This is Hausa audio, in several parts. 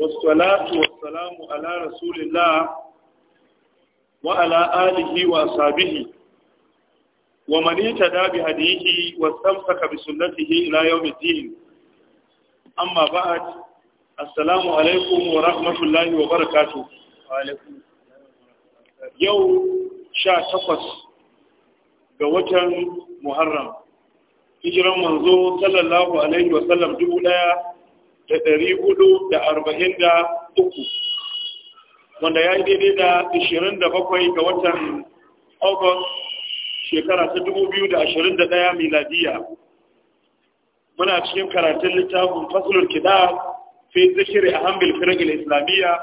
والصلاة والسلام على رسول الله وعلى آله وأصحابه ومن اهتدى بهديه واستمسك بسنته إلى يوم الدين أما بعد السلام عليكم ورحمة الله وبركاته وعليكم يوم شاء تقص قوة محرم hijiran manzo sallallahu alaihi wasallam dubu daya da ɗari hudu da arba'in da uku wanda ya yi daidai da ishirin da bakwai ga watan august shekara ta dubu biyu da ashirin da ɗaya miladiya muna cikin karatun littafin fasulul kiɗa fi zikiri a hambil firgil islamiyya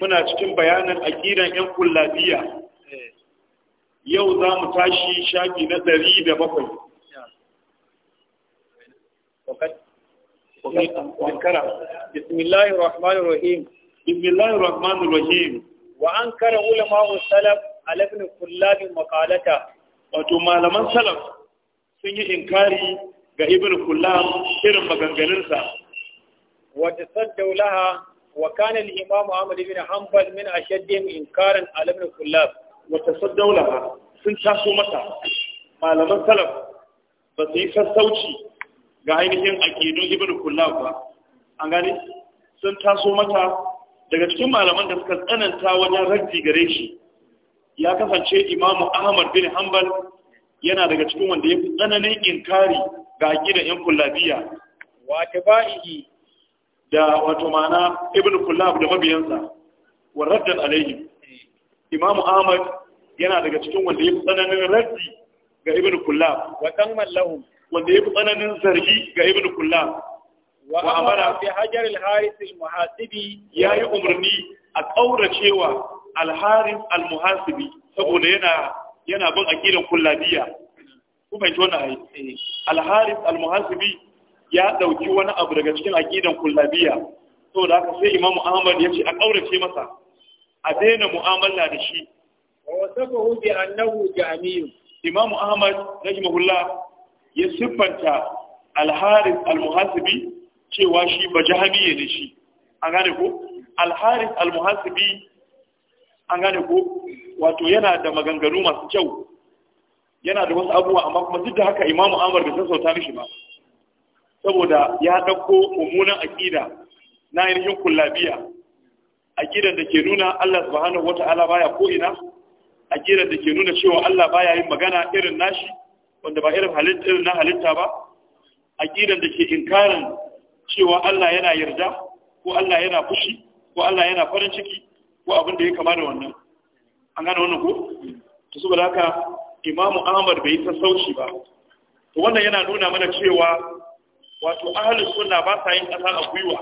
muna cikin bayanin aƙidan 'yan kullabiya yau za mu tashi shafi na ɗari da bakwai وانكر بسم الله الرحمن الرحيم بسم الله الرحمن الرحيم وانكر علماء السلف على ابن كلاب مقالته wato malaman salaf sun yi inkari ga ibn kullab irin maganganunsa wata saddau laha wa kana al-imam Ahmad ibn Hanbal min ashaddihim inkaran ala ibn wata saddau sun taso mata malaman salaf ba su yi sassauci ga ainihin aqidun ibn kullab ba an gane sun taso mata daga cikin malaman da suka tsananta wajen raddi gare shi ya kasance imamu ahmad bin hanbal yana daga cikin wanda ya fi tsananin inkari ga aqidar yan kullabiya wa tabaihi da wato mana ibn kullab da mabiyansa wa raddan alayhi imamu ahmad yana daga cikin wanda ya fi tsananin raddi ga ibn kullab wa kan mallahu wanda ya fi tsananin zargi ga ibn kula. wa amara fi hajar al-haris al-muhasibi ya yi umarni a kauracewa al-haris al-muhasibi saboda yana yana bin aqidan kula ku fahimci wannan ayi eh. al-haris al-muhasibi ya dauki wani abu daga cikin aqidan kulladiya saboda haka sai imamu ahmad ya ce a kaurace masa a daina mu'amala da shi wa wasafahu bi annahu jami'u imamu ahmad rahimahullah ya siffanta alharis almuhasibi cewa shi ba jahamiye ne shi an gane ko alharis almuhasibi an gane ko wato yana da maganganu masu kyau yana da wasu abubuwa amma kuma duk da haka imamu amar da sassauta mishi ba saboda ya ɗauko mummunan aƙida na ainihin kullabiya aƙidar da ke nuna Allah subhanahu wata'ala baya ko ina aƙidar da ke nuna cewa Allah baya yin magana irin nashi wanda ba irin halitta na halitta ba aqidan da ke inkarin cewa Allah yana yarda ko Allah yana fushi ko Allah yana farin ciki ko abin da ya kama da wannan an gane wannan ko to saboda haka Imam Ahmad bai ta sassauci ba to wannan yana nuna mana cewa wato ahli sunna ba sa yin kasa a gwiwa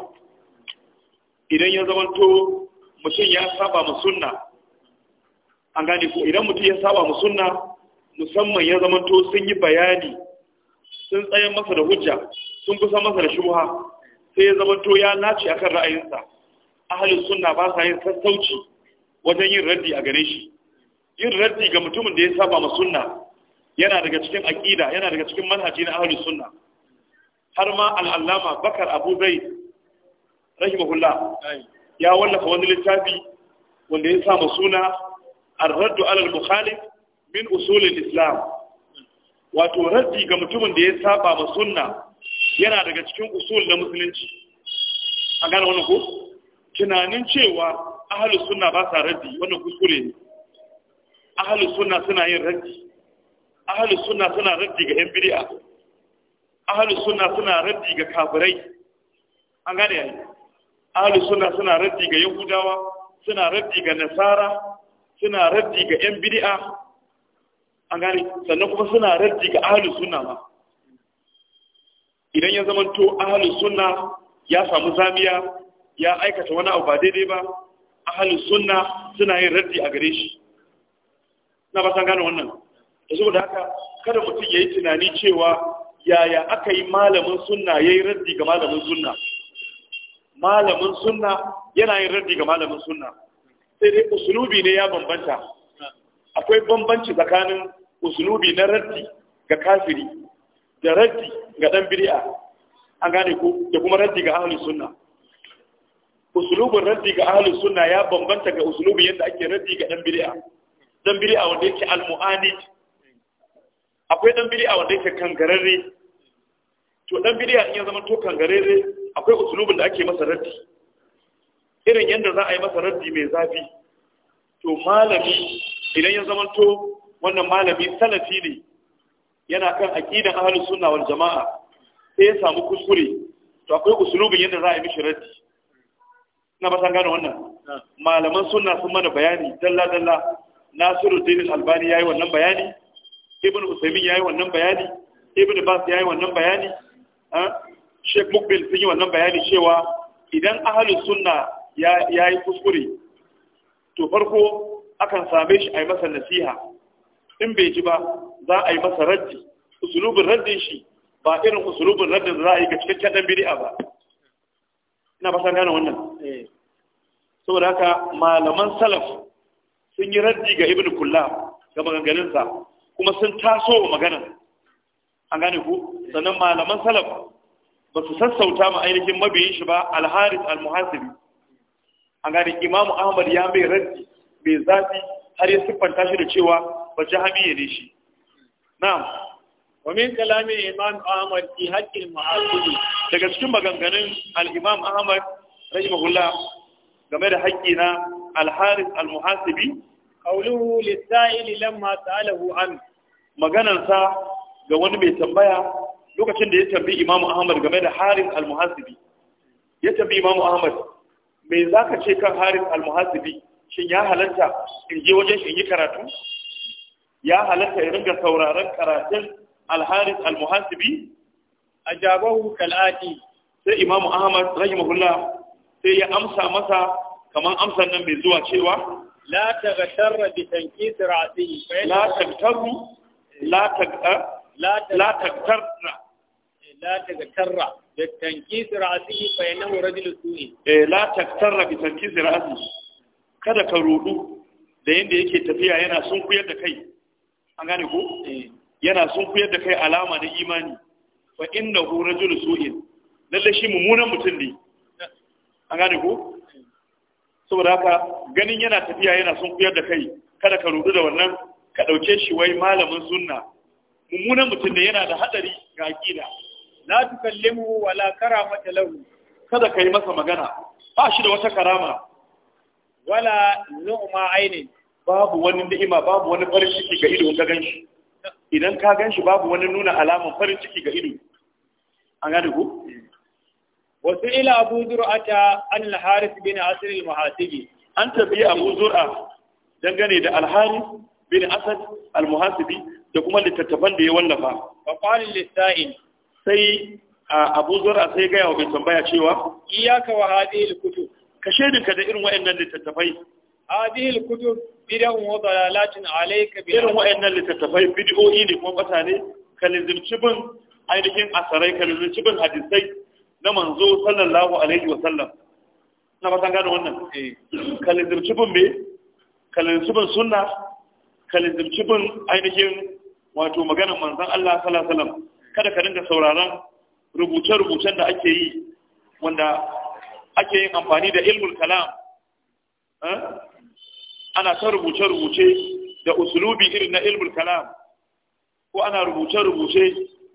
idan ya zama to mutum ya saba mu sunna an gane ko idan mutum ya saba mu sunna musamman ya zama to sun yi bayani sun tsayan masa da hujja sun kusa masa da shubha sai ya zama to ya nace akan ra'ayinsa ahalin sunna ba sa yin sassauci wajen yin raddi a gare shi yin raddi ga mutumin da ya saba ma sunna yana daga cikin aqida yana daga cikin manhaji na ahalin sunna har ma al'allama bakar abu zai rahimahullah ya wallafa wani littafi wanda ya samu suna ar-raddu alal mukhalif min usulin islam wato raddi ga mutumin da ya saba ma sunna yana daga cikin usul na musulunci A gane wani ku. tunanin cewa ahalus sunna ba sa raddi wannan kuskure ne ahalus sunna suna yin raddi ahalus sunna suna raddi ga yan bid'a ahalus sunna suna raddi ga kafirai an gane yayi ahalus sunna suna raddi ga yahudawa suna raddi ga nasara suna raddi ga yan bid'a an gane sannan kuma suna raddi ga ahalus sunna ma idan ya zamanto ahalus sunna ya samu zamiya ya aikata wani abu ba daidai ba ahalus sunna suna yin raddi a gare shi na ba san gane wannan da saboda haka kada mutum ya yi tunani cewa yaya aka yi malamin sunna ya yi raddi ga malamin sunna malamin sunna yana yin raddi ga malamin sunna sai dai usulubi ne ya bambanta akwai bambanci tsakanin usulubi na raddi ga kafiri da raddi ga dan bid'a an gane ko da kuma raddi ga ahlus sunna usulubin raddi ga ahlus sunna ya bambanta ga usulubin yadda ake raddi ga dan bid'a dan bid'a wanda yake al-mu'anid akwai dan bid'a wanda yake kangararre to dan bid'a in ya zama to kangararre akwai usulubin da ake masa raddi irin yadda za a yi masa raddi mai zafi to malami idan ya to wannan malami salafi ne yana kan aqidan ahlus sunna wal jama'a sai ya samu kuskure to akwai usulubin yadda za a yi mishi raddi na ba san gane wannan malaman sunna sun mana bayani dalla dalla nasiru dinin albani yayi wannan bayani ibn usaymin yayi wannan bayani ibn bas yayi wannan bayani sheikh mukbil sun yi wannan bayani cewa idan ahlus sunna ya yi kuskure to farko akan same shi a yi masa nasiha in bai ji ba za a yi masa raddi usulubin raddin shi ba irin usulubin raddin za a yi ga cikakken dan bid'a ba ina ba san gane wannan eh. saboda haka malaman salaf sun yi raddi ga ibnu kulla ga maganganunsa kuma sun taso wa maganan an gane ku sannan malaman salaf ba su sassauta ma ainihin mabiyin shi ba alharis almuhasibi an gane imamu ahmad ya mai raddi mai zafi har ya siffanta shi da cewa ba jahamiya ne shi na'am wa min kalamin imam ahmad fi haƙƙin mu'azzimi daga cikin maganganun al-imam ahmad rahimahullah game da haƙƙi na al-haris al-muhasibi qawluhu lis-sa'ili lamma sa'alahu an maganarsa ga wani mai tambaya lokacin da ya tambayi imam ahmad game da haris al-muhasibi ya tambayi imam ahmad me zaka ce kan haris al-muhasibi shin ya halatta in je wajen shi in yi karatu ya halatta in ga sauraron karatun alharis almuhasibi ajabahu kal'ati sai imamu ahmad rahimahullah sai ya amsa masa kamar amsan nan mai zuwa cewa la taghtarra bi tankis ra'sihi la taghtarru la tagtar eh? la eh, bi لا تغتر fa رأسه rajul su'i eh, la لا bi بتنكيس رأسه kada ka rudu da yadda yake tafiya yana sun kuyar da kai an gane ko eh. yana sun kuyar da kai alama na imani fa innahu rajul su'in lalle shi mummunan mutum ne an gane ko saboda haka ganin yana tafiya yana sun kuyar da kai kada ka rudu da wannan ka dauke shi wai malamin sunna mummunan mutum ne yana da hadari ga aqida la tukallimu wala karamata lahu kada kai masa magana ba shi da wata karama wala nu'ma aini babu wani ni'ima babu wani farin ciki ga ido ka ganshi idan ka ganshi babu wani nuna alaman farin ciki ga ido an gane ku wasu ila abu zur'ata an al-haris bin asr al-muhasibi an tabi abu zur'a dangane da al-haris bin asad al-muhasibi da kuma littattafan da ya wallafa fa qala lis-sa'il sai abu zur'a sai ga yawo bai tambaya cewa iyaka wa hadhihi al-kutub ka shaidinka da irin wayannan littattafai هذه الكتب بدع وضلالات عليك بها irin wayannan littattafai bid'o'i ne kuma batane kalizimci bin ainihin asarai kalizimci bin hadisai na manzo sallallahu alaihi wa sallam na fatan gane wannan eh. kalizimci bin me kalizimci bin sunna kalizimci bin ainihin wato maganar manzon Allah sallallahu kada ka dinga sauraron rubuce-rubucen da ake yi wanda ake yin amfani da ilmul kalam ana ta rubuce-rubuce da usulubi irin na ilmul kalam ko ana rubuce-rubuce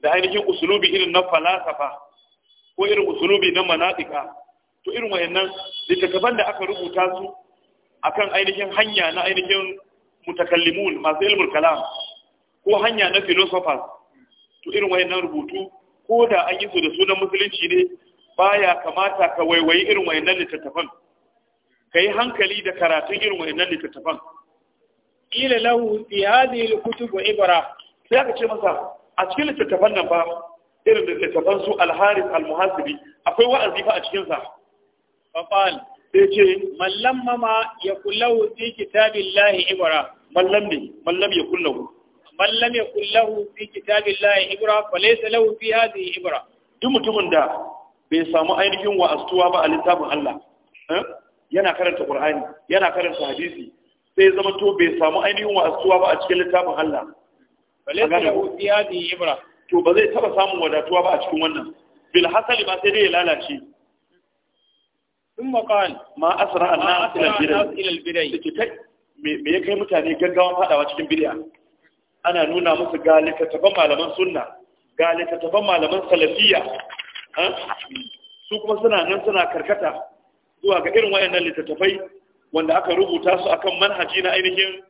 da ainihin usulubi irin na falasafa ko irin usulubi na manatika to irin wayannan littattafan da aka rubuta su akan ainihin hanya na ainihin mutakallimun masu ilmul kalam ko hanya na philosophers to irin wayannan rubutu ko da an yi su da sunan musulunci ne baya kamata ka waiwayi irin wayannan littattafan ka yi hankali da karatun irin wayannan littattafan ila lahu fi hadhihi al-kutub ibra sai aka ce masa a cikin littattafan nan ba irin littattafan su al-haris al-muhasibi akwai wa'azi fa a cikin sa fa qal sai ce mallam mama ya kullahu fi kitabillahi ibra mallam ne mallam ya kullahu mallam ya kullahu fi kitabillahi ibra fa laysa lahu fi hadhihi ibra duk mutumin da bai samu ainihin astuwa ba a littafin Allah eh? yana karanta Qur'ani yana karanta hadisi sai zama to bai samu ainihin astuwa ba a cikin littafin Allah balaysa lahu iyadi ibra to ba zai taba samun wadatuwa ba a cikin wannan bil hasali ba sai dai ya lalace ثم ma ما an الناس إلى البدع me ya kai mutane gaggawan fadawa cikin bid'a ana nuna musu ga littattafan malaman sunna ga littattafan malaman salafiyya su kuma suna nan suna karkata zuwa ga irin wayannan littattafai wanda aka rubuta su akan manhaji na ainihin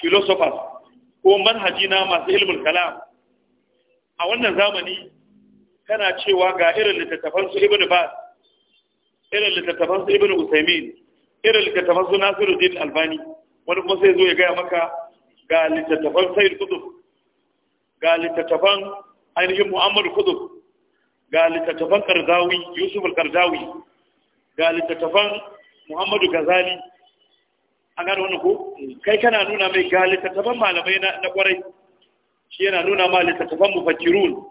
philosophers ko manhaji na masu ilimin kalam a wannan zamani kana cewa ga irin littattafan su ibn bas irin littattafan su ibn usaimin irin littattafan su nasiruddin albani wani kuma sai zo ya gaya maka ga littattafan sayyid kutub ga littattafan ainihin muhammadu kutub ga littattafan karzawi yusuf al-karzawi ga littattafan muhammadu gazali an gano wani ko kai kana nuna mai ga littattafan malamai na kwarai shi yana nuna ma littattafan mufakirun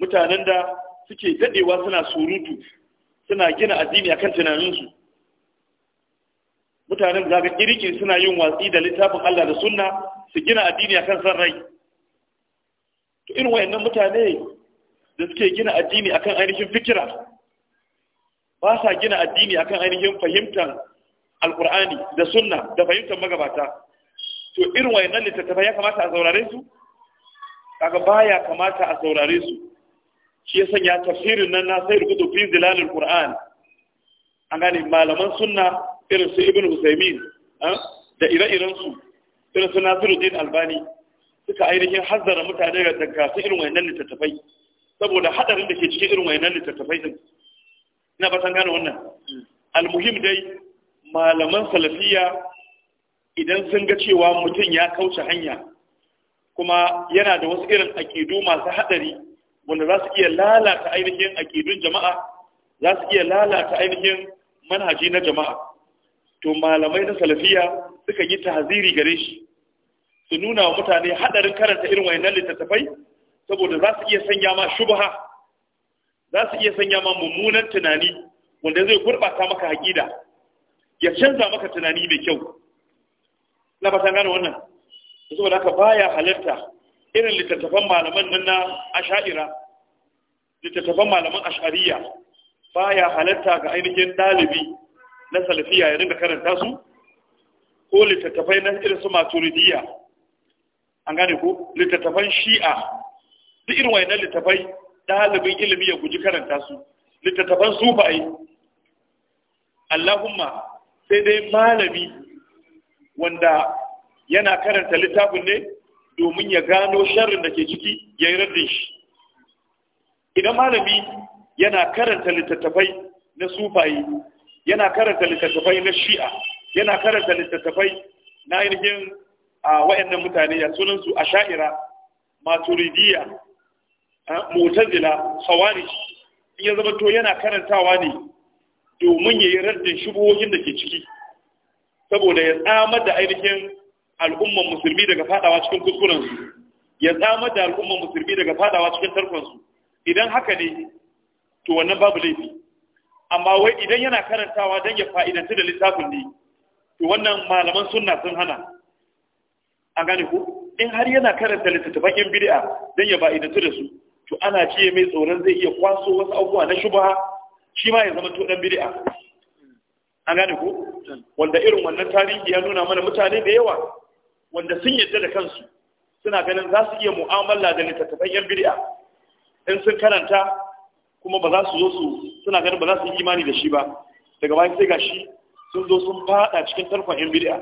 mutanen da suke dadewa suna surutu suna gina addini akan tunaninsu mutanen da ga kirkin suna yin watsi da littafin Allah da sunna su gina addini akan san rai to irin wayannan mutane da suke gina addini akan ainihin fikira ba sa gina addini akan ainihin fahimtar alkur'ani da sunna da fahimtar magabata to irin wayan nan littattafai ya kamata a saurare su kaga baya kamata a saurare su shi ya sanya tafsirin nan na sai rubutu fi zilalil qur'an an gane malaman sunna irin su ibnu usaymin eh, da ire-iren su irin su nasiruddin albani suka ainihin hazzara mutane ga dankasu irin wayan nan littattafai saboda hadarin da ke cikin irin wayannan littattafai din ina ba san gane wannan almuhim dai malaman salafiya idan sun ga cewa mutum ya kauce hanya kuma yana da wasu irin aƙidu masu haɗari wanda za su iya lalata ainihin aƙidun jama'a za su iya lalata ainihin manhaji na jama'a to malamai na salafiya suka yi tahziri gare shi su nuna wa mutane haɗarin karanta irin wayannan littattafai saboda za su iya sanya ma shubha za su iya sanya ma mummunan tunani wanda zai gurɓata maka haƙida ya canza maka tunani mai kyau na fatan gane wannan saboda haka baya halarta irin littattafan malaman nan na asha'ira littattafan malaman ash'ariya baya halarta ga ainihin ɗalibi na salafiya ya dinga karanta su ko littattafai na irin su maturidiya an gane ko littattafan shi'a duk irin wayannan littafai ɗalibin ilimi ya guji karanta su littattafan su ba yi. Allahumma sai dai malami wanda yana karanta littafin ne domin ya gano sharrin da ke ciki ya yi raddin shi idan malami yana karanta littattafai na sufaye yana karanta littattafai na shi'a yana karanta littattafai na ainihin a wayannan mutane ya sunansu a sha'ira maturidiyya mutazila hawari in ya zama to yana karantawa ne domin ya yi raddin shubuhohin da ke ciki saboda ya tsamar da ainihin al'umman musulmi daga fadawa cikin kuskurensu, ya tsamar da al'umman musulmi daga fadawa cikin tarkonsu idan haka ne to wannan babu laifi amma wai idan yana karantawa don ya fa'idanci da littafin ne to wannan malaman sunna sun hana a gane ku in har yana karanta littattafan yan bid'a don ya fa'idanci da su to ana ce mai tsoron zai iya kwaso wasu abubuwa na shubha shi ma ya zama to dan bid'a an gane ko wanda irin wannan tarihi ya nuna mana mutane da yawa wanda sun yadda da kansu suna ganin za su iya mu'amala da littattafan yan bid'a in sun karanta kuma ba za su zo su suna ganin ba za su yi imani da shi ba daga bayan sai gashi sun zo sun fada cikin tarkon yan bid'a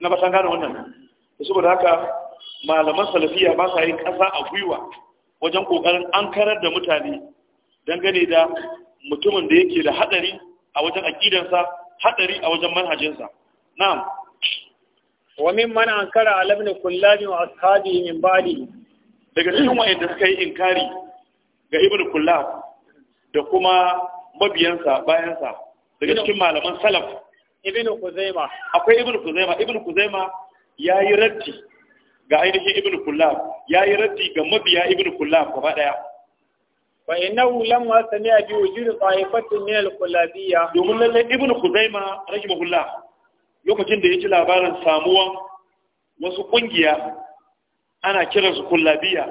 na ba san gane wannan saboda haka malaman salafiya ba sa yin ƙasa a gwiwa wajen ƙoƙarin an karar da mutane dangane da mutumin da yake da haɗari a wajen aƙidansa haɗari a wajen manhajinsa na'am wa min man ankara ala ibn kullab wa ashabi min ba'di daga cikin wayanda suka yi inkari ga ibn kullab da kuma mabiyansa bayansa daga cikin malaman salaf ibn kuzaima akwai ibn kuzaima ibn kuzaima yayi raddi ga ainihin ibn kullab yi raddi ga mabiya ibn kullab gaba daya fa innahu lam yasmi'a bi wujudi ta'ifatin min al-kullabiyya domin lalle ibn khuzaima rahimahullah lokacin da yaji labarin samuwan wasu kungiya ana su kullabiyya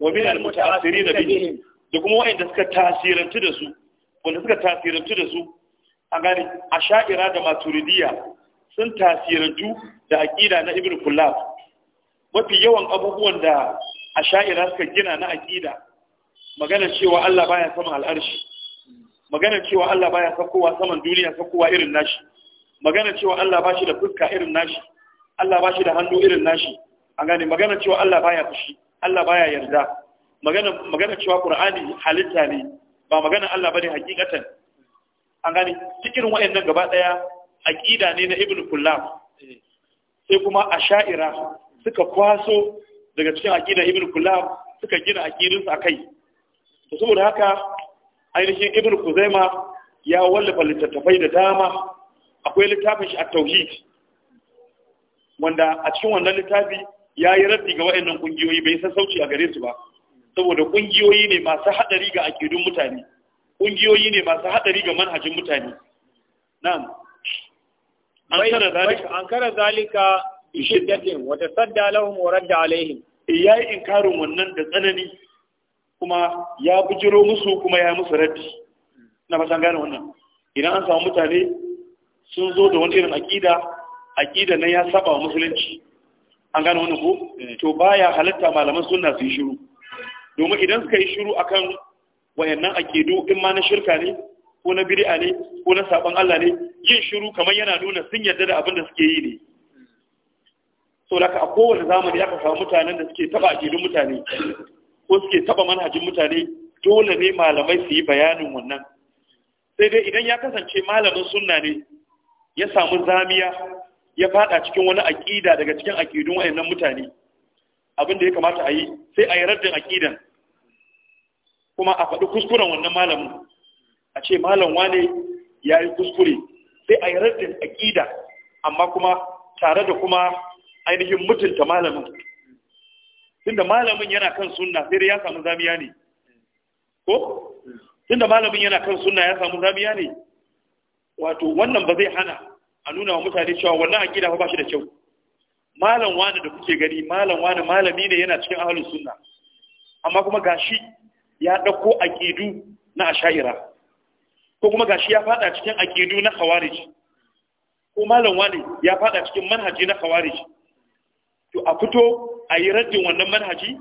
wa min al-muta'assirin bihim da kuma wa'anda suka tasirantu da su wanda suka tasirantu da su a gani asha'ira da maturidiyya sun tasirantu da aqida na ibn kullab mafi yawan abubuwan da a sha'ira suka gina na aƙida maganar cewa Allah baya sama al'arshi maganar cewa Allah baya sakowa saman duniya sakowa irin nashi maganar cewa Allah ba shi da fuska irin nashi Allah ba shi da hannu irin nashi a gane maganar cewa Allah baya fushi Allah baya yarda maganar cewa Qur'ani halitta ne ba maganar Allah bane hakikatan an gane cikin wayannan gaba daya aqida ne na Ibn Kullam eh. sai kuma asha'ira suka kwaso daga cikin aqidar ibn kullab suka gina aqidin su akai to saboda haka ainihin ibn kuzaima ya wallafa littattafai da dama akwai littafin shi at-tauhid wanda a cikin wannan littafi ya yi raddi ga waɗannan kungiyoyi bai san sauci a gare su ba saboda kungiyoyi ne masu hadari ga aqidun mutane kungiyoyi ne masu hadari ga manhajin mutane na'am an kara zalika an kara zalika shiddatin wa tasadda lahum wa radda alaihim yayi inkarin wannan da tsanani kuma ya bujiro musu kuma ya musu raddi na fatan gane wannan idan an samu mutane sun zo da wani irin aqida aqida na ya saba wa musulunci an gane wannan ko eh. to baya halatta malaman sunna su yi shiru domin idan suka yi shiru akan wayannan aqidu in ma na shirka ne ko na bid'a ne ko na sabon Allah ne yin shiru kamar yana nuna sun yarda da abin da suke yi ne so da a kowane zamani aka samu mutanen da suke taba aƙidun mutane ko suke taba manhajin mutane dole ne malamai su yi bayanin wannan sai dai idan ya kasance malamin sunna ne ya samu zamiya ya fada cikin wani aƙida daga cikin aƙidun wayannan mutane abin da ya kamata a yi sai a yi raddin aƙidan kuma a faɗi kuskuren wannan malamin a ce malam wane ya yi kuskure sai a yi raddin aƙida amma kuma tare da kuma ainihin mutunta malamin tunda malamin yana kan sunna sai dai ya samu zamiya ne ko tunda malamin yana kan sunna ya samu zamiya ne wato wannan ba zai hana a nuna wa mutane cewa wannan aqida ba shi da kyau malam wani da kuke gani malam wani malami ne yana cikin ahlus sunna amma kuma gashi ya dauko aqidu na ashaira ko kuma gashi ya fada cikin aqidu na khawarij ko malam wani ya fada cikin manhaji na khawarij to a fito a yi raddin wannan manhaji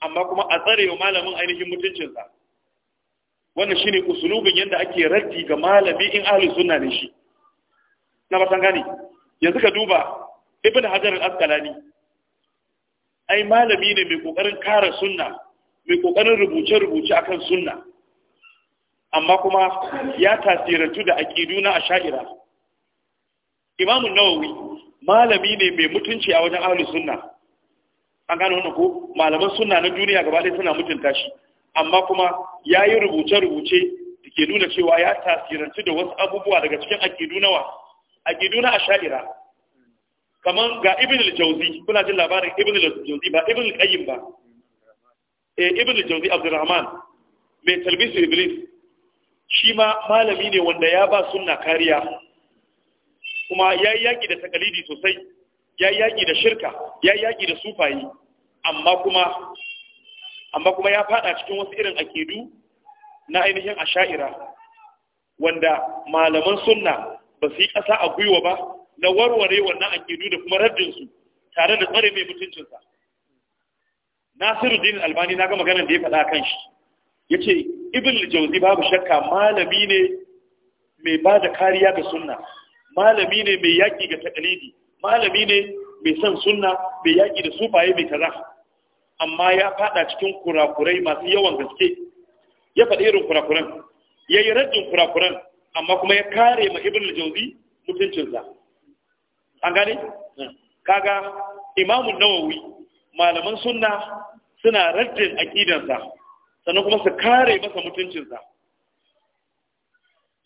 amma kuma a tsare wa malamin ainihin mutuncinsa wannan shine usulubin yadda ake raddi ga malami in ahlus sunna ne shi na ba san gane yanzu ka duba ibn hajar al-asqalani ai malami ne mai kokarin kare sunna mai kokarin rubuce-rubuce akan sunna amma kuma ya tasirantu da aqidu na asha'ira imamun nawawi malami ne mai mutunci a wajen ahli sunna an gano wannan ko malaman sunna na duniya gaba ɗaya suna mutunta shi amma kuma ya yi rubuce-rubuce da ke nuna cewa ya tasiranci da wasu abubuwa daga cikin akidu nawa akidu na asha'ira kamar ga ibn al-jauzi kuna jin labarin ibn al-jauzi ba ibn al-qayyim ba eh ibn al-jauzi abdurrahman mai talbisu iblis shi ma malami ne wanda ya ba sunna kariya kuma ya yi yaƙi da takalidi sosai ya yi yaƙi da shirka ya yi yaƙi da sufayi amma kuma ya fada cikin wasu irin akidu na ainihin asha'ira wanda malaman sunna ba su yi ƙasa a gwiwa ba na warware wannan akidu da kuma raddinsu tare da tsare mai mutuncinsa Nasiru, nasiruddin albani na ga maganar da ya faɗa kan shi ya ce ibn jauzi babu shakka malami ne mai ba da kariya ga sunna malami ne mai yaƙi ga takalidi malami ne mai son sunna mai yaƙi da sufaye mai kaza amma ya faɗa cikin kurakurai masu yawan gaske ya faɗi irin kurakuran ya yi rajin kurakuran amma kuma ya kare ma ibn al mutuncinsa an gane kaga imamu nawawi malaman sunna suna rajin aqidansa sannan kuma su kare masa mutuncinsa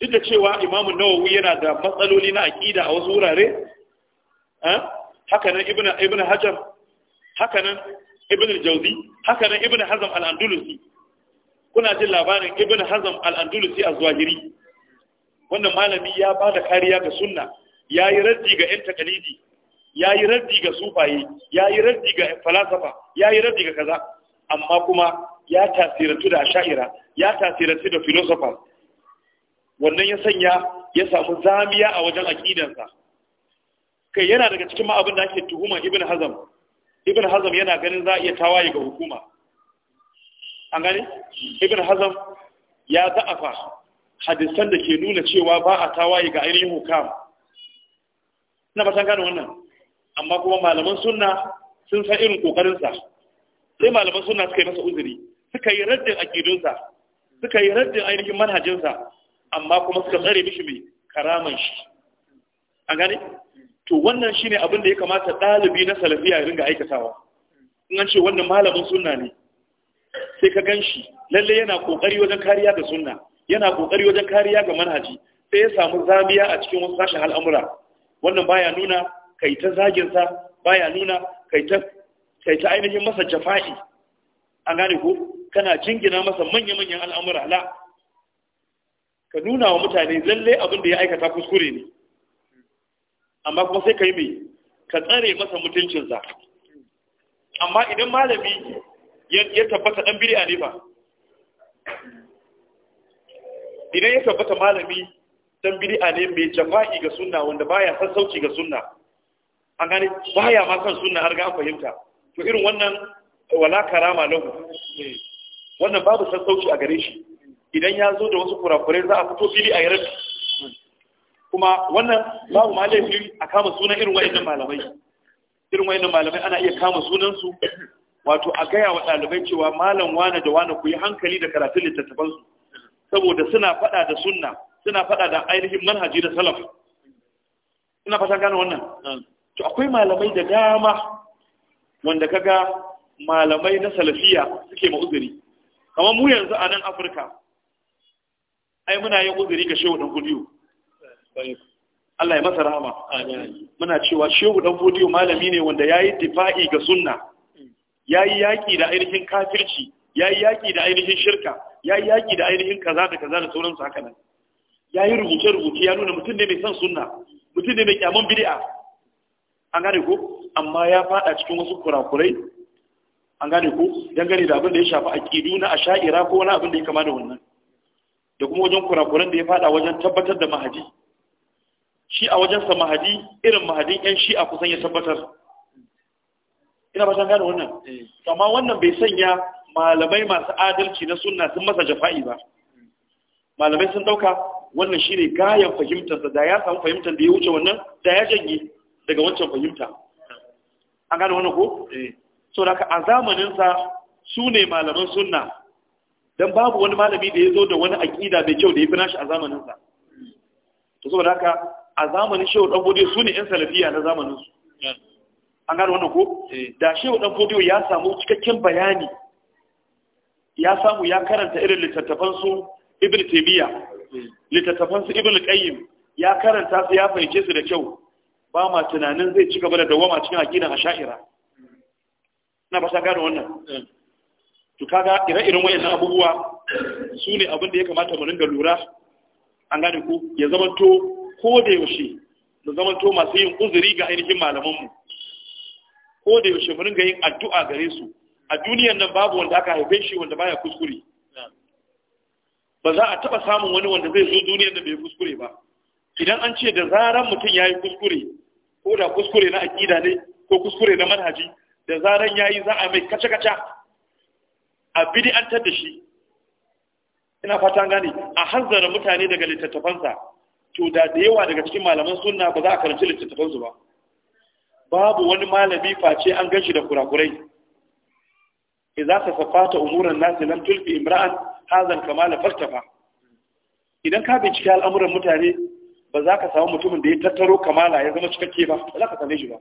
duk da cewa imamu nawawi yana da matsaloli na aƙida a wasu wurare eh, hakanan ibn hajar hakanan ibn jauzi hakanan ibn hazam al-andalusi kuna jin labarin ibn hazam al-andalusi a zuwahiri wannan malami ya ba da kariya ga sunna ya yi raddi ga 'yan takalidi ya yi raddi ga sufaye ya yi raddi ga falasafa ya yi raddi ga kaza amma kuma ya tasirantu da sha'ira ya tasirantu da philosophers wannan ya sanya ya samu zamiya a wajen aqidansa kai yana daga cikin ma abin da ake tuhuma ibn hazm ibn hazm yana ganin za a iya tawaye ga hukuma an gane ibn hazm ya za'afa hadisan da ke nuna cewa ba a tawaye ga ainihin hukam ina ba san gane wannan amma kuma malaman sunna sun san irin kokarinsa sai malaman sunna suka yi masa uzuri suka yi raddin akidunsa suka yi raddin ainihin manhajinsa amma kuma suka tsare mishi mai karaman shi an gane to wannan shine abin da ya kamata ɗalibi na salafiya ya ringa aikatawa in an ce wannan malamin sunna ne sai ka gan shi lalle yana kokari wajen kariya ga sunna yana kokari wajen kariya ga manhaji sai ya samu zamiya a cikin wasu sashen al'amura wannan baya nuna kai ta zaginsa baya nuna kai ta kai ta ainihin masa jafa'i an gane ko kana jingina masa manya-manyan al'amura la ka nuna wa mutane lalle abin da ya aikata kuskure ne amma kuma sai ka yi mai ka tsare masa mutuncinsa amma idan malami ya tabbata biri a ne ba idan ya tabbata malami dan biri a ne mai jama'i ga sunna wanda baya sassauci ga sunna an gane baya ma son sunna har ga an fahimta to irin wannan wala karama lahu eh, wannan babu sassauci a gare shi idan ya zo da wasu kurakurai za a fito fili a yi kuma wannan babu ma laifi a kama sunan irin wa'annan malamai irin wa'annan malamai ana iya kama sunansu wato a gaya wa ɗalibai cewa malam wane da wane ku yi hankali da karatun littattafansu saboda suna faɗa da sunna suna faɗa da ainihin manhaji da salaf ina fata gane wannan to akwai malamai da dama wanda kaga malamai na salafiya suke ma'uzuri kamar mu yanzu a nan afirka ai muna yin uzuri ga shehu dan godiyo Allah ya masa rahama muna cewa shehu dan godiyo malami ne wanda yayi difa'i ga sunna yayi yaki da ainihin kafirci yayi yaki da ainihin shirka yayi yaki da ainihin kaza da kaza da sauransu haka nan yayi rubuce rubuce ya nuna mutum ne mai son sunna mutum ne mai kyamun bid'a an gane ko amma ya fada cikin wasu kurakurai an gane ko dangane da abin da ya shafi aqidu na asha'ira ko wani abin da ya kama da wannan da kuma wajen kurakuran da ya fada wajen tabbatar da mahadi shi a wajensa mahadi irin mahadin yan shi a kusan ya tabbatar ina ba san gane wannan eh. amma wannan bai sanya malamai masu adalci na sunna sun masa jafa'i ba malamai sun dauka wannan shine gayan fahimtarsa da ya samu fahimtar da ya wuce wannan da ya janye daga wancan fahimta an gane wannan ko eh. so da a zamaninsa su ne malaman sunna dan babu wani malami da ya zo da wani aƙida mai kyau da ya fi nashi a zamaninsa to saboda haka a zamanin shehu dan godiyo su ne 'yan salafiya na zamaninsu an gano wannan ko eh. da shehu dan godiyo ya samu cikakken bayani ya samu ya karanta irin littattafan su ibn taymiya eh. littattafan su ibn qayyim ya karanta su ya fahimce su da kyau ba ma tunanin zai ci gaba da dawama cikin aqidan asha'ira na ba sa gano wannan eh. to kaga ire-iren wayannan abubuwa su ne abin da ya kamata mu ringa lura an gane ku ya zamanto ko da yaushe mu zamanto masu yin uzuri ga ainihin malamanmu ko da yaushe mu ringa yin addu'a gare su a duniyar nan babu wanda aka haife shi wanda baya kuskure ba za a taba samun wani wanda zai zo duniyar da bai kuskure ba idan an ce da zaran mutum ya yi kuskure ko da kuskure na aƙida ne ko kuskure na manhaji da zaran ya yi za a mai kaca-kaca a bidi'antar da shi ina fatan gani. a hanzara mutane daga littattafansa to da da yawa daga cikin malaman sunna ba za a karanci littattafansu ba babu wani malami face an ganshi da kurakurai idza safata umuran nas lam tulfi imra'an hadha kamala fartafa idan ka bincike al'amuran mutane ba za ka samu mutumin da ya tattaro kamala ya zama cikakke ba ba za ka same shi ba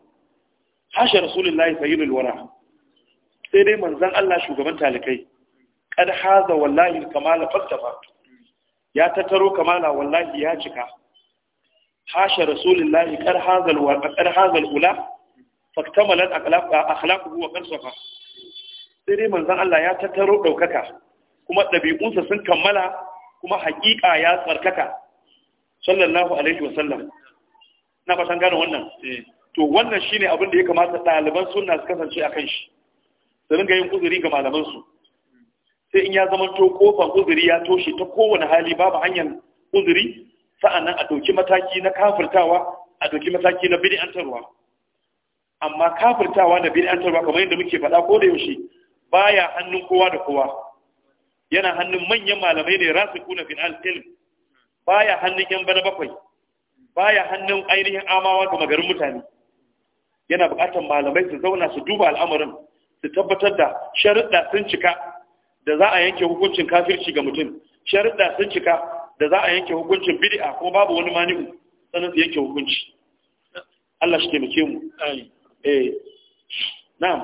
Harshen rasulullahi sayyidul wara sai dai manzan Allah shugaban talikai kad haza wallahi kamala fatafa. ya tattaro kamala wallahi ya cika hasha rasulullahi kar haza wa Kar haza ula faktamalat akhlaquhu wa kansafa sai dai manzan Allah ya tattaro daukaka kuma dabi'unsa sun kammala kuma haƙiƙa ya tsarkaka sallallahu alaihi wasallam na fatan gane wannan eh. to wannan shine abin da ya kamata ɗaliban sunna su kasance akan shi su ringa yin uzuri ga malamansu sai in ya zama to kofan uzuri ya toshe ta kowane hali babu hanyar uzuri sa'annan a dauki mataki na kafirtawa a dauki mataki na bid'antarwa amma kafirtawa da bid'antarwa kamar yadda muke faɗa ko da yaushe baya hannun kowa da kowa yana hannun manyan malamai ne rasikuna fil ilm baya hannun yan bana bakwai baya hannun ainihin amawa ga magarin mutane yana buƙatar malamai su zauna su duba al'amarin su tabbatar da sharuɗa sun cika da za a yanke hukuncin kafirci ga mutum sharuɗa sun cika da za a yanke hukuncin bid'a ko babu wani mani'u sanin su yanke hukunci Allah shi taimake mu eh na'am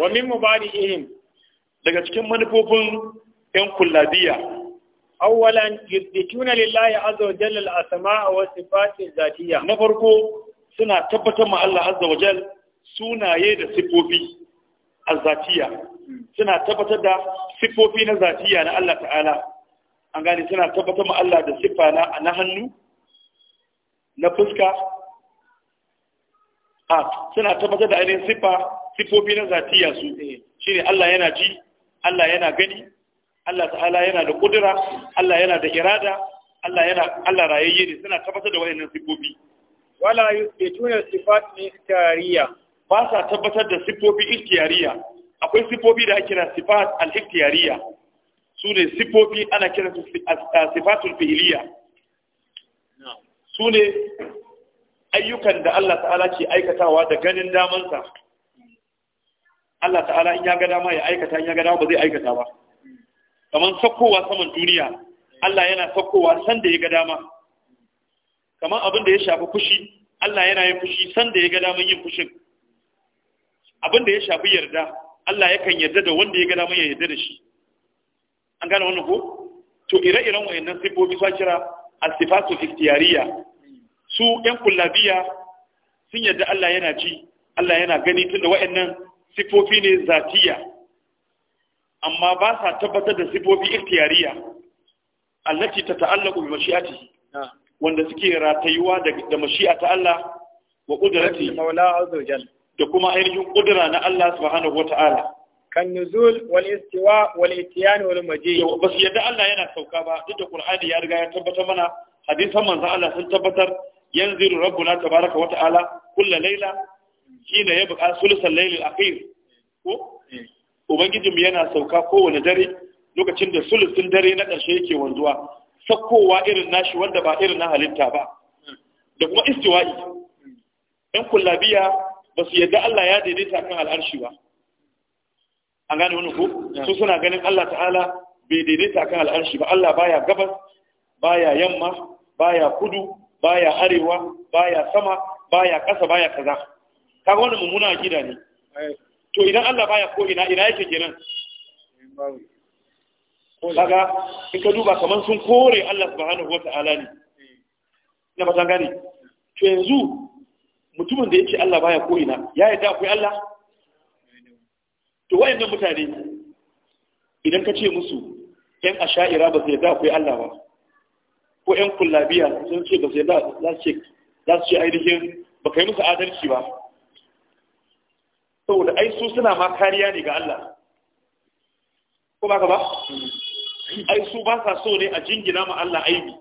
wa min mubari'ihim daga cikin manufofin yan kullabiya awwalan yuthbituna lillahi azza wa jalla al-asma'a wa sifati zatiyya na farko suna tabbatar ma Allah azza wa jalla sunaye da sifofi azzatiya suna tabbatar da siffofi na zatiya na Allah ta'ala an gane suna tabbatar ma Allah da siffa na na hannu na fuska a suna tabbatar da ainihin siffa siffofi na zatiya su shine Allah yana ji Allah yana gani Allah ta'ala yana da kudura Allah yana da irada Allah yana Allah rayayye ne suna tabbatar da wayannan siffofi wala yusbituna sifat mistariya ba sa tabbatar da siffofi ikhtiyariya akwai siffofi da ake kira sifat al-ikhtiyariya su ne siffofi ana kira su sifatul fi'liya su ne ayyukan da Allah ta'ala ke aikatawa da ganin damansa Allah ta'ala in ya ga dama ya aikata in ya ga dama ba zai aikata ba kamar sakkowa saman duniya Allah yana sakkowa san da ya ga dama kamar abin da ya shafi fushi Allah yana yin fushi san da ya ga dama yin fushin abin da ya shafi yarda Allah ya kan yarda da wanda ya gada dama ya yarda da shi an gane wannan ko to ire-iren wayannan sifofi sa kira al sifatu ikhtiyariya su yan kullabiya sun yarda Allah yana ji Allah yana gani tunda wayannan sifofi ne zatiya amma ba sa tabbatar da sifofi ikhtiyariya allati ta'allaqu bi mashi'atihi wanda suke ratayuwa da mashi'a ta Allah wa qudratihi maula azza da kuma ainihin ƙudura na Allah subhanahu wata'ala kan nuzul wal istiwa wal itiyan wal maji ba su yadda Allah yana sauka ba duk da Qur'ani ya riga ya tabbatar mana hadisan manzon Allah sun tabbatar yanziru rabbuna tabaraka wata'ala kulla laila shine ya buƙa sulusan lailil akhir ko eh. ubangijinmu yana sauka kowane dare lokacin da sulusun dare na ƙarshe yake wanzuwa sakkowa irin nashi wanda ba irin na halitta ba hmm. da kuma istiwa'i ɗan hmm. kullabiya ba su yadda Allah ya daidaita kan al'arshi ba an gane wani ku su suna ganin Allah ta'ala bai daidaita kan al'arshi ba Allah baya gabas baya yamma baya kudu baya arewa baya sama baya ƙasa baya kaza kaga wani mummuna gida ne to idan Allah baya ko ina ina yake kenan kaga in ka duba kamar sun kore Allah subhanahu wata'ala ne eh. na ba gane to yanzu mutumin da yake Allah baya ko'ina, ina ya yi akwai Allah to nan mutane idan ka ce musu yan a sha'ira ba su yarda akwai Allah ba ko yan kullabiya sun ce ba su yarda za su ce su ce ainihin ba kai musu adalci ba saboda ai su suna ma kariya ne ga Allah ko ba ka ba ai su ba sa so ne a jingina ma Allah aibi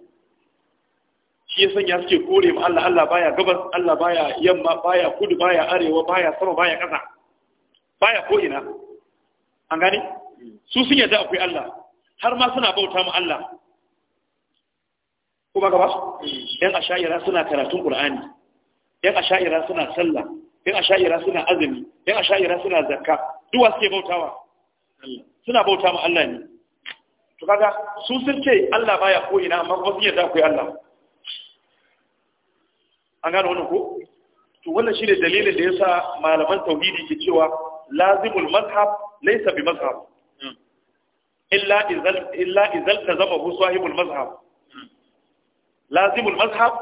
shi ya sanya suke kore ma Allah Allah baya gabas Allah baya yamma baya kudu baya arewa baya sama baya ƙasa baya ko ina an gani su sun yarda akwai Allah har ma suna bauta ma Allah kuma gaba yan asha'ira suna karatun Qur'ani yan asha'ira suna sallah yan asha'ira suna azumi yan asha'ira suna zakka duwa suke bautawa suna bauta ma Allah ne to kaga su sun ce Allah baya ko ina amma ba sun yarda akwai Allah an gano wannan ko to wannan shine dalilin da yasa malaman tauhidi ke cewa lazimul mazhab laysa bi mazhab hmm. illa izal illa izal tazamahu sahibul mazhab hmm. lazimul mazhab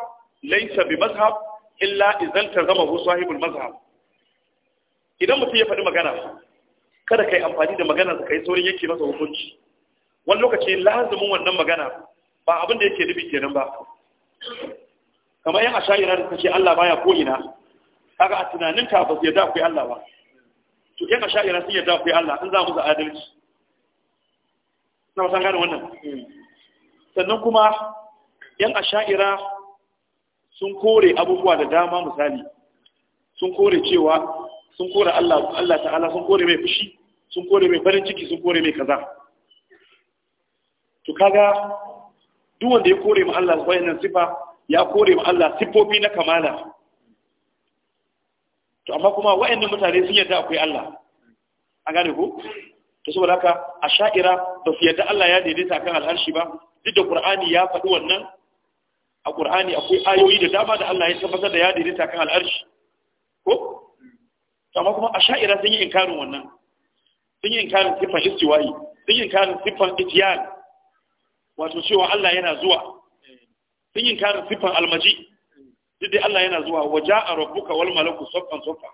laysa bi mazhab illa izal tazamahu sahibul mazhab idan mutum ya faɗi magana kada kai amfani da magana ka yi saurin yake masa hukunci wani lokaci lazimin wannan magana ba abin da yake nufi kenan ba kamar yan ashayira da suka ce Allah baya ko ina kaga a tunanin ta ba su akwai Allah ba to yan ashayira sun yadda akwai Allah in za mu za adalci na wasan gane wannan sannan kuma yan ashayira sun kore abubuwa da dama misali sun kore cewa sun kore Allah Allah ta'ala sun kore mai fushi sun kore mai farin ciki sun kore mai kaza to kaga duk wanda ya kore mu Allah wayannan sifa ya kore ma Allah siffofi na kamala to amma kuma wa'annan mutane sun yarda akwai Allah A gane ko to saboda haka a sha'ira ba su yadda Allah ya daidaita kan alharshi ba duk da Qur'ani ya faɗi wannan a Qur'ani akwai ayoyi da dama da Allah ya tabbatar da ya daidaita kan alharshi ko to amma kuma a sha'ira sun yi inkarin wannan sun yi inkarin siffan istiwa'i sun yi inkarin siffan ijiyal wato cewa Allah yana zuwa sun yi karin siffan almaji duk dai Allah yana zuwa waje a rabbuka wal malaku saffan saffa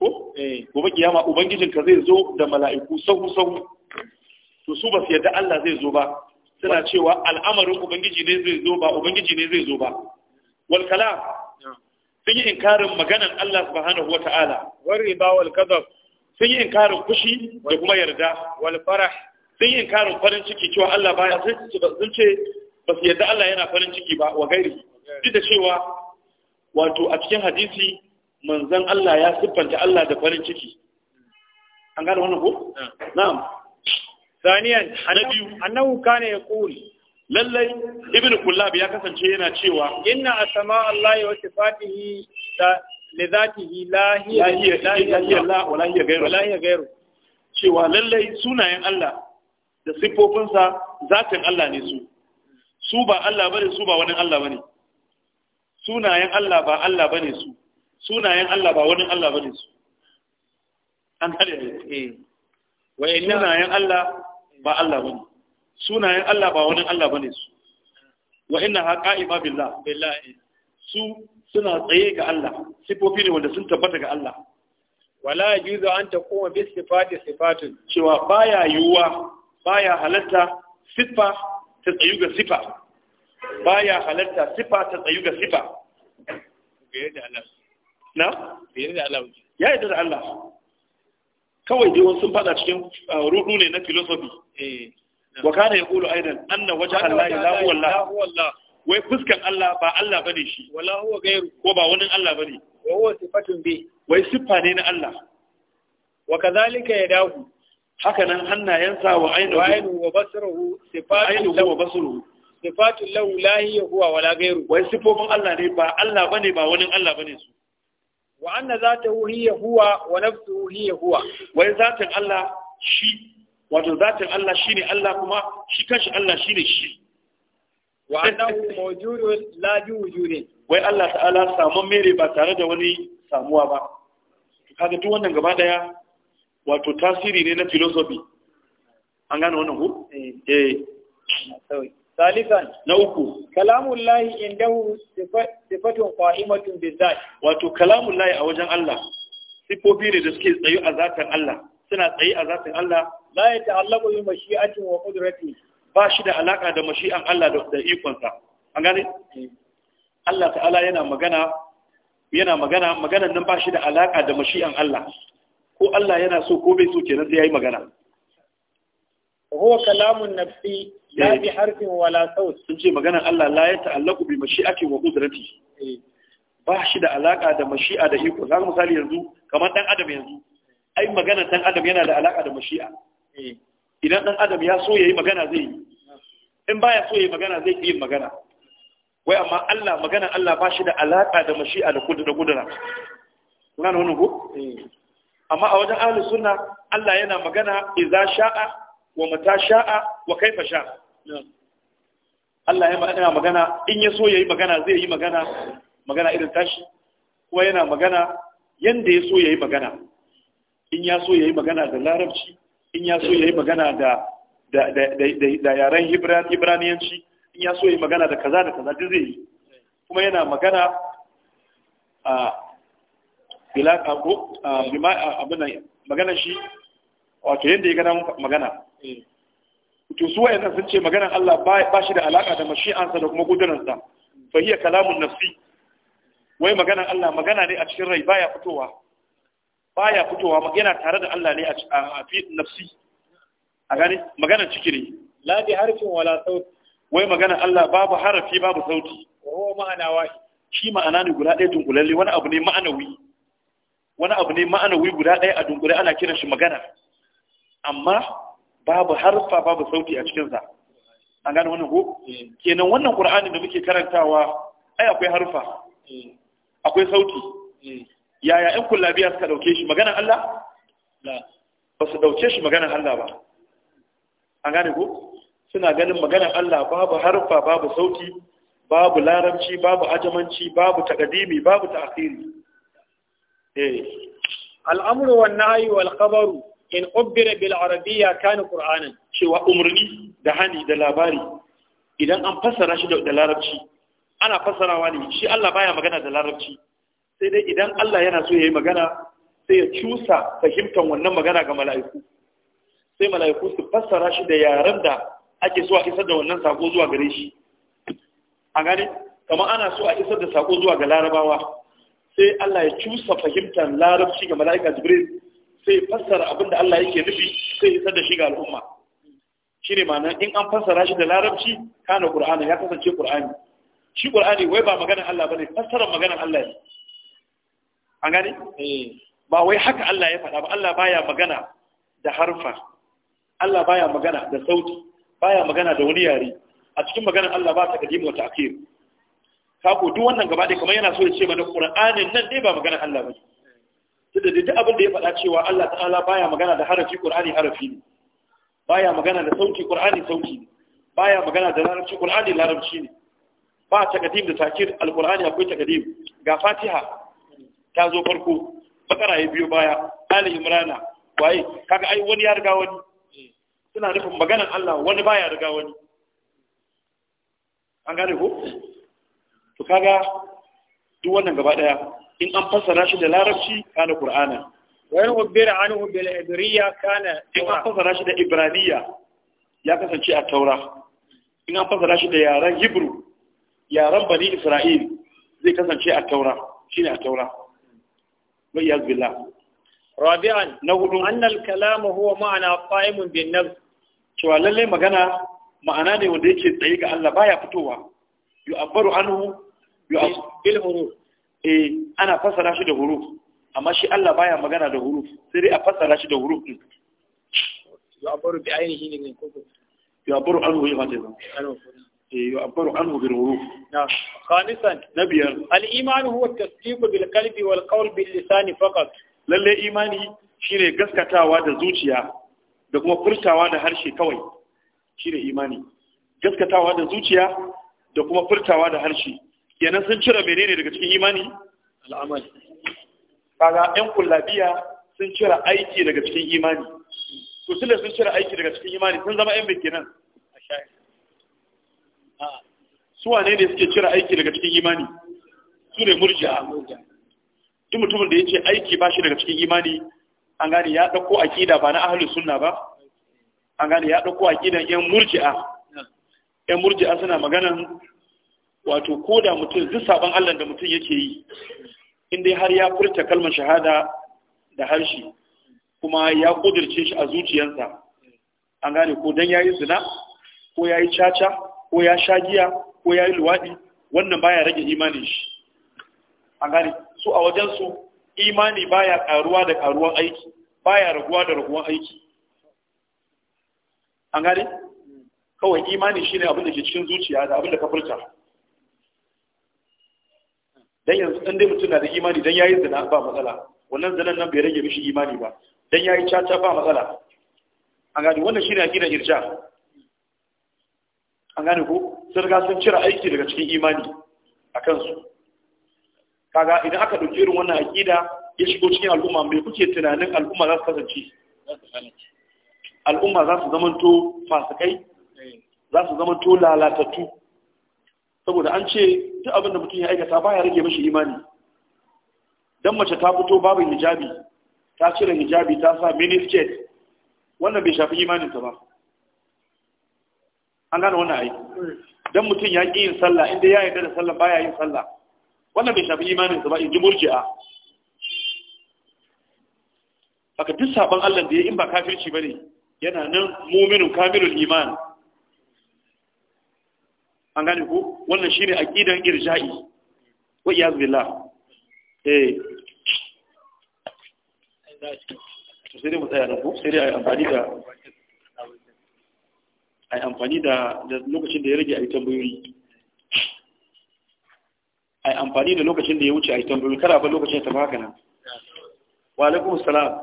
ko eh. gobe kiyama ubangijin ka zai zo da mala'iku sahu sahu to su ba su yadda Allah zai zo ba suna cewa al'amarin ubangiji ne zai zo ba ubangiji ne zai zo ba wal kalam sun yi inkarin maganan Allah subhanahu wata'ala wal ba wal kadhab sun yi inkarin fushi da kuma yarda wal farah sun yi inkarin farin ciki cewa Allah baya sun ce ba su yadda Allah yana farin ciki ba wa gairi duk da cewa wato a cikin hadisi manzan Allah ya siffanta Allah da farin ciki an gane wannan ko na'am saniyan annabi annahu kana yaqul lallai ibn kullab ya kasance yana cewa inna asma Allah wa sifatihi da lidatihi la hiya la hiya la hiya gairu cewa lallai sunayen Allah da siffofinsa zatin Allah ne su su ba Allah bane su ba wani Allah bane sunayen Allah ba Allah bane su sunayen Allah ba wani Allah bane su an kare eh wa inna yan Allah ba Allah bane sunayen Allah ba wani Allah bane su wa inna ha qa'ima billah billahi su suna tsaye ga Allah sifofi ne wanda sun tabbata ga Allah wala yuzu an taquma bi sifati sifatun cewa baya yuwa baya halatta sifa ta tsayu ga sifa ya halatta sifa ta tsayu ga sifa na ya yi da Allah kawai dai wasu fada cikin rudu ne na filosofi eh, wa kana kulu aidan anna waje Allah ya lahu Allah wai fuskan Allah ba Allah bane shi wala huwa gairu ko ba wani Allah bane wa huwa sifatun bi wai siffa ne na Allah wa kadhalika dahu haka nan hannayensa wa ainihu wa basruhu sifatu wa basruhu sifatu lahu la ya huwa wala gairu. wai sifofin Allah ne ba Allah bane ba wani Allah bane su wa anna zatahu hiya huwa wa nafsuhu hiya huwa wai zatin Allah shi wato zatin Allah shine Allah kuma shi kanshi Allah shine shi wa annahu mawjudun la wujudin wai Allah ta'ala samun mere ba tare da wani samuwa ba kaga duk wannan gaba daya wato tasiri ne na filosofi an gane wannan ku eh ثالثا eh. na uku الله indahu sifatun قائمة بالذات wato كلام a wajen Allah. sifofi ne da suke tsayi a zatar Allah suna tsayi a zatar Allah la ya ta'allaqu bi mashi'atin wa qudrati ba shi da alaka da mashi'an Allah da da ikon sa an gane eh. Allah ta'ala yana magana yana magana maganar nan ba shi da alaka da mashi'an Allah ko Allah yana so ko bai so kenan sai yayi magana huwa kalamun nafsi la eh. bi harfin wala saut sun ce maganar Allah la ya ta'allaku bi mashi'ati wa qudrati eh. ba shi da alaka da mashi'a da iko zan misali yanzu kamar dan adam yanzu ai maganar dan adam yana da alaka da mashi'a eh. idan dan adam ya so yayi magana zai yi ah. in baya so yayi magana zai yi magana wai amma Allah maganar Allah ba shi da alaka da mashi'a da kudura kudura kuna wannan ko amma a wajen ahlus sunna Allah yana magana idza sha'a wa mata sha'a wa kaifa sha'a Allah yana magana in ya so yayi magana zai yi magana magana irin tashi kuma yana magana yanda ya so yayi magana in ya so yayi magana da larabci in ya so yayi magana da da da da yaren Ibraniyanci in ya so yayi magana da kaza da kaza zai yi kuma yana magana a bila ko bima abin magana shi wato yadda ya gana magana eh. to su wayannan sun ce maganar Allah ba shi da alaka da mashi'ansa da kuma gudurinsa fa hiya kalamun nafsi wai maganar Allah magana ne a cikin rai baya fitowa baya fitowa yana tare da Allah ne a fi nafsi a gani maganar ciki ne la bi harfin wala sauti wai maganar Allah babu harafi babu sauti wa huwa ma'ana wahid shi ma'ana ne guda ɗaya tunkulalle wani abu ne ma'anawi wani abu ne ma'ana wuri guda ɗaya a dunkule ana kiran shi magana amma babu harfa babu sauti a cikinsa an gane wani ko eh. kenan wannan ƙur'ani da muke karantawa ai akwai harfa eh. akwai sauti eh. yaya ɗan kullabiya suka ɗauke shi maganar Allah ba su ɗauke shi maganar Allah ba an gane ko suna ganin maganar Allah babu harfa babu sauti babu laramci babu ajamanci babu takadimi babu ta'khiri Eh. al'amuru wa nahyi wal in ubbira bil arabiyya kana cewa umarni da hani da labari idan an fassara shi da larabci ana fassarawa ne shi Allah baya magana da larabci sai dai idan Allah yana so ya yi magana sai ya cusa fahimtar wannan magana ga mala'iku sai mala'iku su fassara shi da yaren da ake so a isar da wannan sako zuwa gare shi a gane kamar ana so a isar da sako zuwa ga larabawa sai Allah ya cusa fahimtar larabci ga mala'ika jibril sai fassara abinda Allah yake nufi sai isar da shi ga al'umma ne ma'anar in an fassara shi da larabci kana qur'ani ya kasance qur'ani shi qur'ani wai ba maganar Allah bane fassara maganar Allah ne an gane eh. ba wai haka Allah ya faɗa ba Allah baya magana da harfa Allah baya magana da sauti baya magana da wani yare a cikin maganar Allah ba ta kadimu wa ta'khir kako duk wannan gaba da kamar yana so ya ce mana qur'anin nan dai ba magana Allah bane tunda duk abin da ya faɗa cewa Allah ta'ala baya magana da harafi qur'ani harafi ne baya magana da sauti qur'ani sauti ne baya magana da larabci qur'ani larabci ne ba ta kadim da takir alqur'ani akwai ta kadim ga fatiha ta zo farko bakara ya biyo baya ali imrana waye kaga ai wani ya riga wani suna nufin maganar Allah wani baya riga wani an gane ko to kaga duk wannan gaba daya in an fassara shi da larabci kana qur'ana wa yan ubira anhu bil ibriya kana in an fassara shi da ibraniya ya kasance a taura in an fassara shi da yaran hebrew yaran bani isra'il zai kasance a taura shine a taura wa yaz billah rabi'an na hudu annal kalamu huwa ma'ana qa'imun bin nafs cewa lalle magana ma'ana ne wanda yake tsaye ga Allah baya fitowa yu'abbaru anhu bil huruf eh ana fassara shi da huruf amma shi Allah baya magana da huruf sai dai a fassara shi da huruf din yu'abbaru bi ainihi min kufur yu'abbaru anhu ya fata eh yu'abbaru anhu bil huruf na khamisan nabiyar al iman huwa tasdiq bil qalbi wal qawl bil lisan faqat lalle imani shine gaskatawa da zuciya da kuma furtawa da harshe kawai shine imani gaskatawa da zuciya da kuma furtawa da harshe kenan sun cire menene daga cikin imani al'amal kaga yan kullabiya sun cire aiki daga cikin imani to tunda sun cire aiki daga cikin imani sun zama yan bikin a su wane ne suke cire aiki daga cikin imani su ne murji'a duk mutumin da ya ce aiki ba shi daga cikin imani an gane ya ɗauko aƙida ba na ahalin sunna ba an gane ya ɗauko aƙidan yan murji'a yan murji'a suna maganan wato ko da mutum duk saban Allah da mutum yake yi in dai har ya furta kalmar shahada da harshe kuma ya kudirce shi a zuciyarsa an gane ko dan yayi zina ko yayi caca ko ya sha giya ko yayi luwadi wannan baya rage imanin shi an gane su a wajen su imani baya karuwa da karuwan aiki baya raguwa da raguwan aiki an gane kawai imani shine abin da ke cikin zuciya da abin da ka furta dan yanzu dan dai mutum na da imani dan yayi zina ba matsala wannan zinan nan bai rage mishi imani ba dan yayi caca ba matsala an gani wannan shine aqidar irja an gani ko sun riga sun cire aiki daga cikin imani a kansu kaga idan aka dauki irin wannan aqida ya shigo cikin al'umma mai kuke tunanin al'umma za su kasance al'umma za su zamanto fasikai za su zamanto lalatattu saboda an ce duk abin da mutum ya aikata ba ya rage mashi imani Don mace ta fito babu hijabi ta cire hijabi ta sa miniskirt wannan bai shafi imaninta ba an gane wannan aiki Don mutum ya ƙi yin sallah inda ya yarda da sallah ya yin sallah wannan bai shafi imaninsa ba in ji murji'a haka duk saban Allah da ya in ba kafirci ne, yana nan muminin kamilul iman an gane ko wannan shine aqidan irja'i wa iyaz billah eh sai dai mu tsaya ko sai dai ai amfani da ai amfani da lokacin da ya rage a yi tambayoyi A yi amfani da lokacin da ya wuce yi tambayoyi kada ba lokacin ta baka nan wa alaikum salam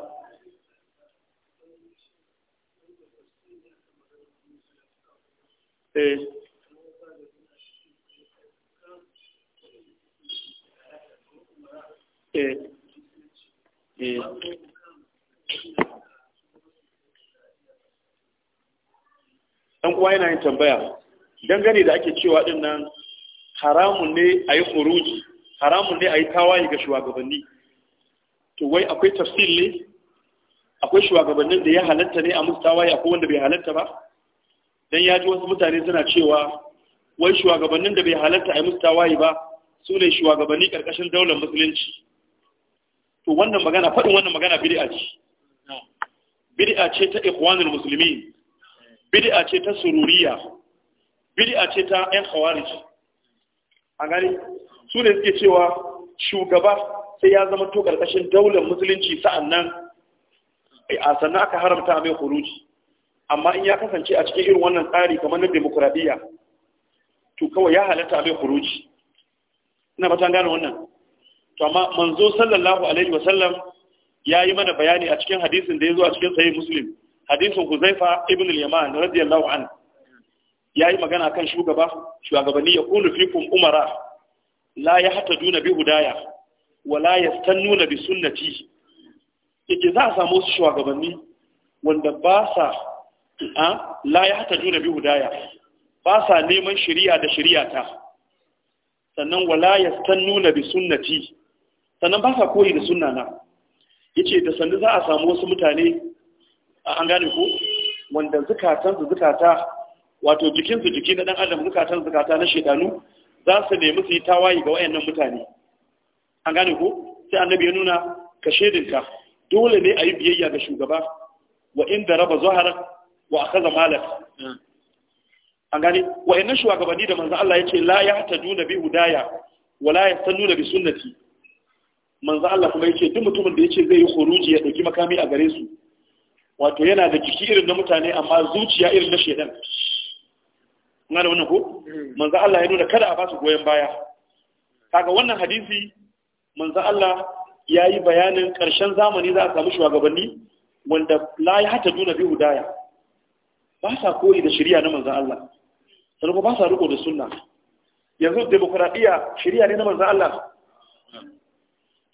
eh ɗan eh. kuwa dan yana yin tambaya dangane da ake cewa ɗin nan haramun ne a yi kuruji haramun ne a yi tawaye ga shugabanni to wai akwai tafsir ne akwai shugabannin da ya halatta ne a musu tawaye akwai wanda bai halatta ba Don ya ji wasu mutane suna cewa wai shugabannin da bai halatta a yi musu tawaye ba su ne shugabanni ƙarƙashin daular musulunci to wannan magana faɗin wannan magana bid'a ce bid'a ce ta ikhwanul muslimin bid'a ce ta sururiya bid'a ce ta ƴan khawarij a gani su ne suke cewa shugaba sai ya zama to karkashin daular musulunci sa'annan eh, a sannan aka haramta mai huruji amma in ya kasance a cikin irin wannan tsari kamar na demokradiyya to kawai ya halatta mai huruji ina ba ta gane wannan to amma manzo sallallahu alaihi wa sallam yayi mana bayani a cikin hadisin da yazo a cikin sahih muslim hadisin huzaifa ibn al-yaman radiyallahu anhu yayi magana kan shugaba shugabanni ya kunu fikum umara la ya hata duna bi hudaya wa la yastannu bi sunnati yake za a samu su shugabanni wanda ba sa a la duna bi hudaya ba sa neman shari'a da shari'a ta sannan wala yastannu bi sunnati sannan ba sa koyi da suna na ce da sandu za a samu wasu mutane A an gane ko wanda zukatan su zukata wato jikin su jiki na dan adam zukatan zukata na shedanu za su nemi su yi tawayi ga wayannan mutane an gane ko sai annabi ya nuna ka shedinka dole ne a yi biyayya ga shugaba wa inda raba zuhara wa kaza malak an gane wayannan shugabanni da manzo Allah ya ce la ya nuna bi hudaya wala yastanuna bi sunnati manzo Allah kuma yace duk mutumin da yace zai yi khuruji ya dauki makami a gare su wato yana da jiki irin na mutane amma zuciya irin na shedan kuma da wannan ko mm. manzo Allah ya nuna kada a ba su goyen baya kaga wannan hadisi manzo Allah ya yi bayanin karshen zamani za a samu shugabanni wanda la ya hata duna bi hudaya ba sa koyi da shari'a na manzo Allah kuma ba sa riko da sunna yanzu demokradiya shiriya ne na manzo Allah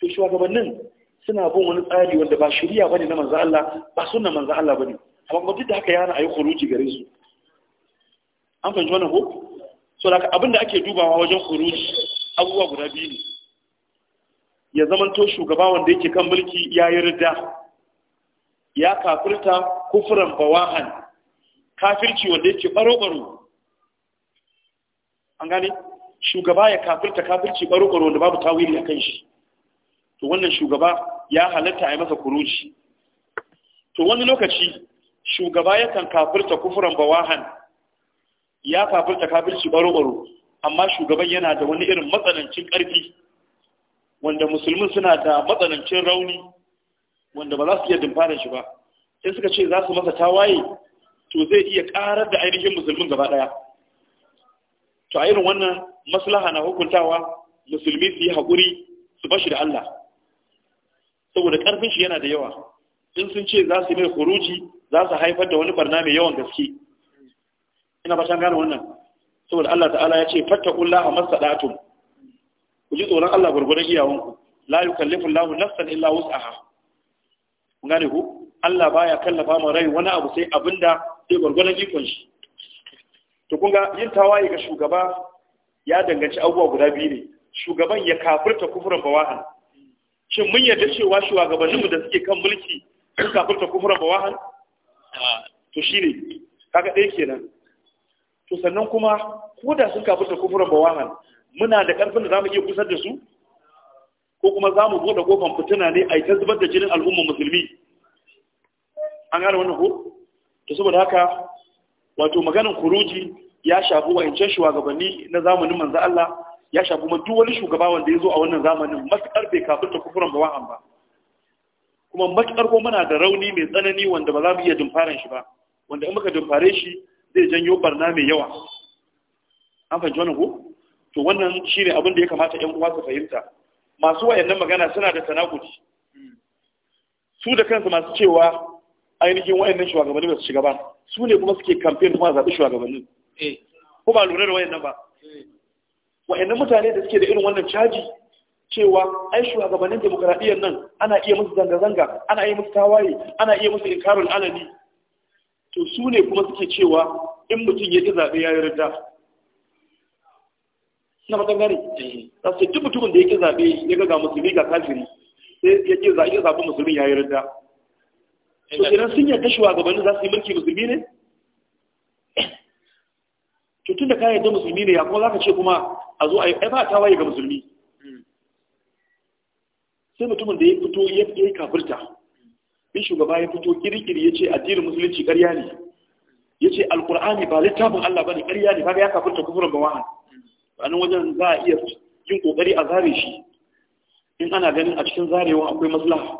to shugabannin suna bin wani tsari wanda ba ba bane na manzo Allah ba sunna manzo Allah bane amma kuma duk da haka yana ayi khuruji gare su an fahimci wannan ko so da abinda ake dubawa wajen khuruji abubuwa guda biyu ne ya to shugaba wanda yake kan mulki ya yi rida ya kafirta kufuran bawahan kafirci wanda yake baro-baro an gane shugaba ya kafirta kafirci baro-baro wanda babu tawili a kan shi to wannan shugaba ya halatta a yi masa kuruci to wani lokaci shugaba yakan kafirta kufuran bawahan ya kafirta kafirci baro-baro amma shugaban yana da wani irin matsanancin ƙarfi wanda musulmin suna da matsanancin rauni wanda ba za su iya dimfanin shi ba sai suka ce za su masa tawaye to zai iya ƙarar da ainihin musulmin gaba ɗaya to a irin wannan maslaha na hukuntawa musulmi su yi haƙuri su bashi da Allah saboda karfin shi yana da yawa in sun ce za su mai kuruci za su haifar da wani barna mai yawan gaske ina ba gane wannan saboda Allah ta'ala ya ce fattaqullaha masada'tum ku ji tsoron Allah gurgurun iyawanku la yukallifu Allahu nafsan illa wus'aha kun gane ku Allah baya kallafa mu rai wani abu sai abinda sai gurgurun ikon shi to kun ga yin tawaye ga shugaba ya danganci abubuwa guda biyu ne shugaban ya kafirta kufurin bawahan shin mun yarda cewa shugabanninmu da suke kan mulki sun kafirta kufra bawahan ah. to shine kaga ɗaya kenan to sannan kuma ko da sun kafirta kufra bawahan muna da ƙarfin da zamu iya kusar da su ko kuma zamu buɗe kofar fitina ne a yi ta zubar da jinin al'ummar musulmi an gane wannan ko to saboda haka wato maganin kuruji ya shafi wa'incan shugabanni na zamanin manzo Allah ya shafi kuma duk wani shugaba wanda ya zo a wannan zamanin matuƙar bai ta kufuran bawahan ba kuma matuƙar ko muna da rauni mai tsanani wanda ba za mu iya dumfaran shi ba wanda in muka dumfare shi zai janyo barna mai yawa an fahimci wannan ko to wannan shine abin da ya kamata ƴan uwa su fahimta masu wayannan magana suna da tanakuti su da kansu masu cewa ainihin wayannan shugabanni ba su shiga ba su ne kuma suke kamfen kuma zaɓi shugabannin eh. ko ba lura da wayannan ba eh. wa'annan mutane da suke da irin wannan caji cewa ai shugabannin demokradiyyar nan ana iya musu zanga-zanga ana iya musu tawaye ana iya musu inkarul alani to su ne kuma suke cewa in mutum ya ji zaɓe ya yi rinda na matangare eh. za su ce mutumin da ya ki zaɓe ya ga musulmi ga kafiri sai ya ki zaɓe musulmi ya yi rinda to idan sun yarda shugabannin za su yi mulki musulmi ne to da ka yadda musulmi ne ya kuma zaka ce kuma a zo ai ba ta waye ga musulmi sai mutumin da ya fito ya yi kafirta Bin shugaba ya fito kirkiri ya ce addinin musulunci ƙarya ne ya ce alkur'ani ba littafin Allah ba ne ƙarya ne kaga ya kafirta kufurin bawahan a nan wajen za a iya yin ƙoƙari a zare shi in ana ganin a cikin zarewa akwai maslaha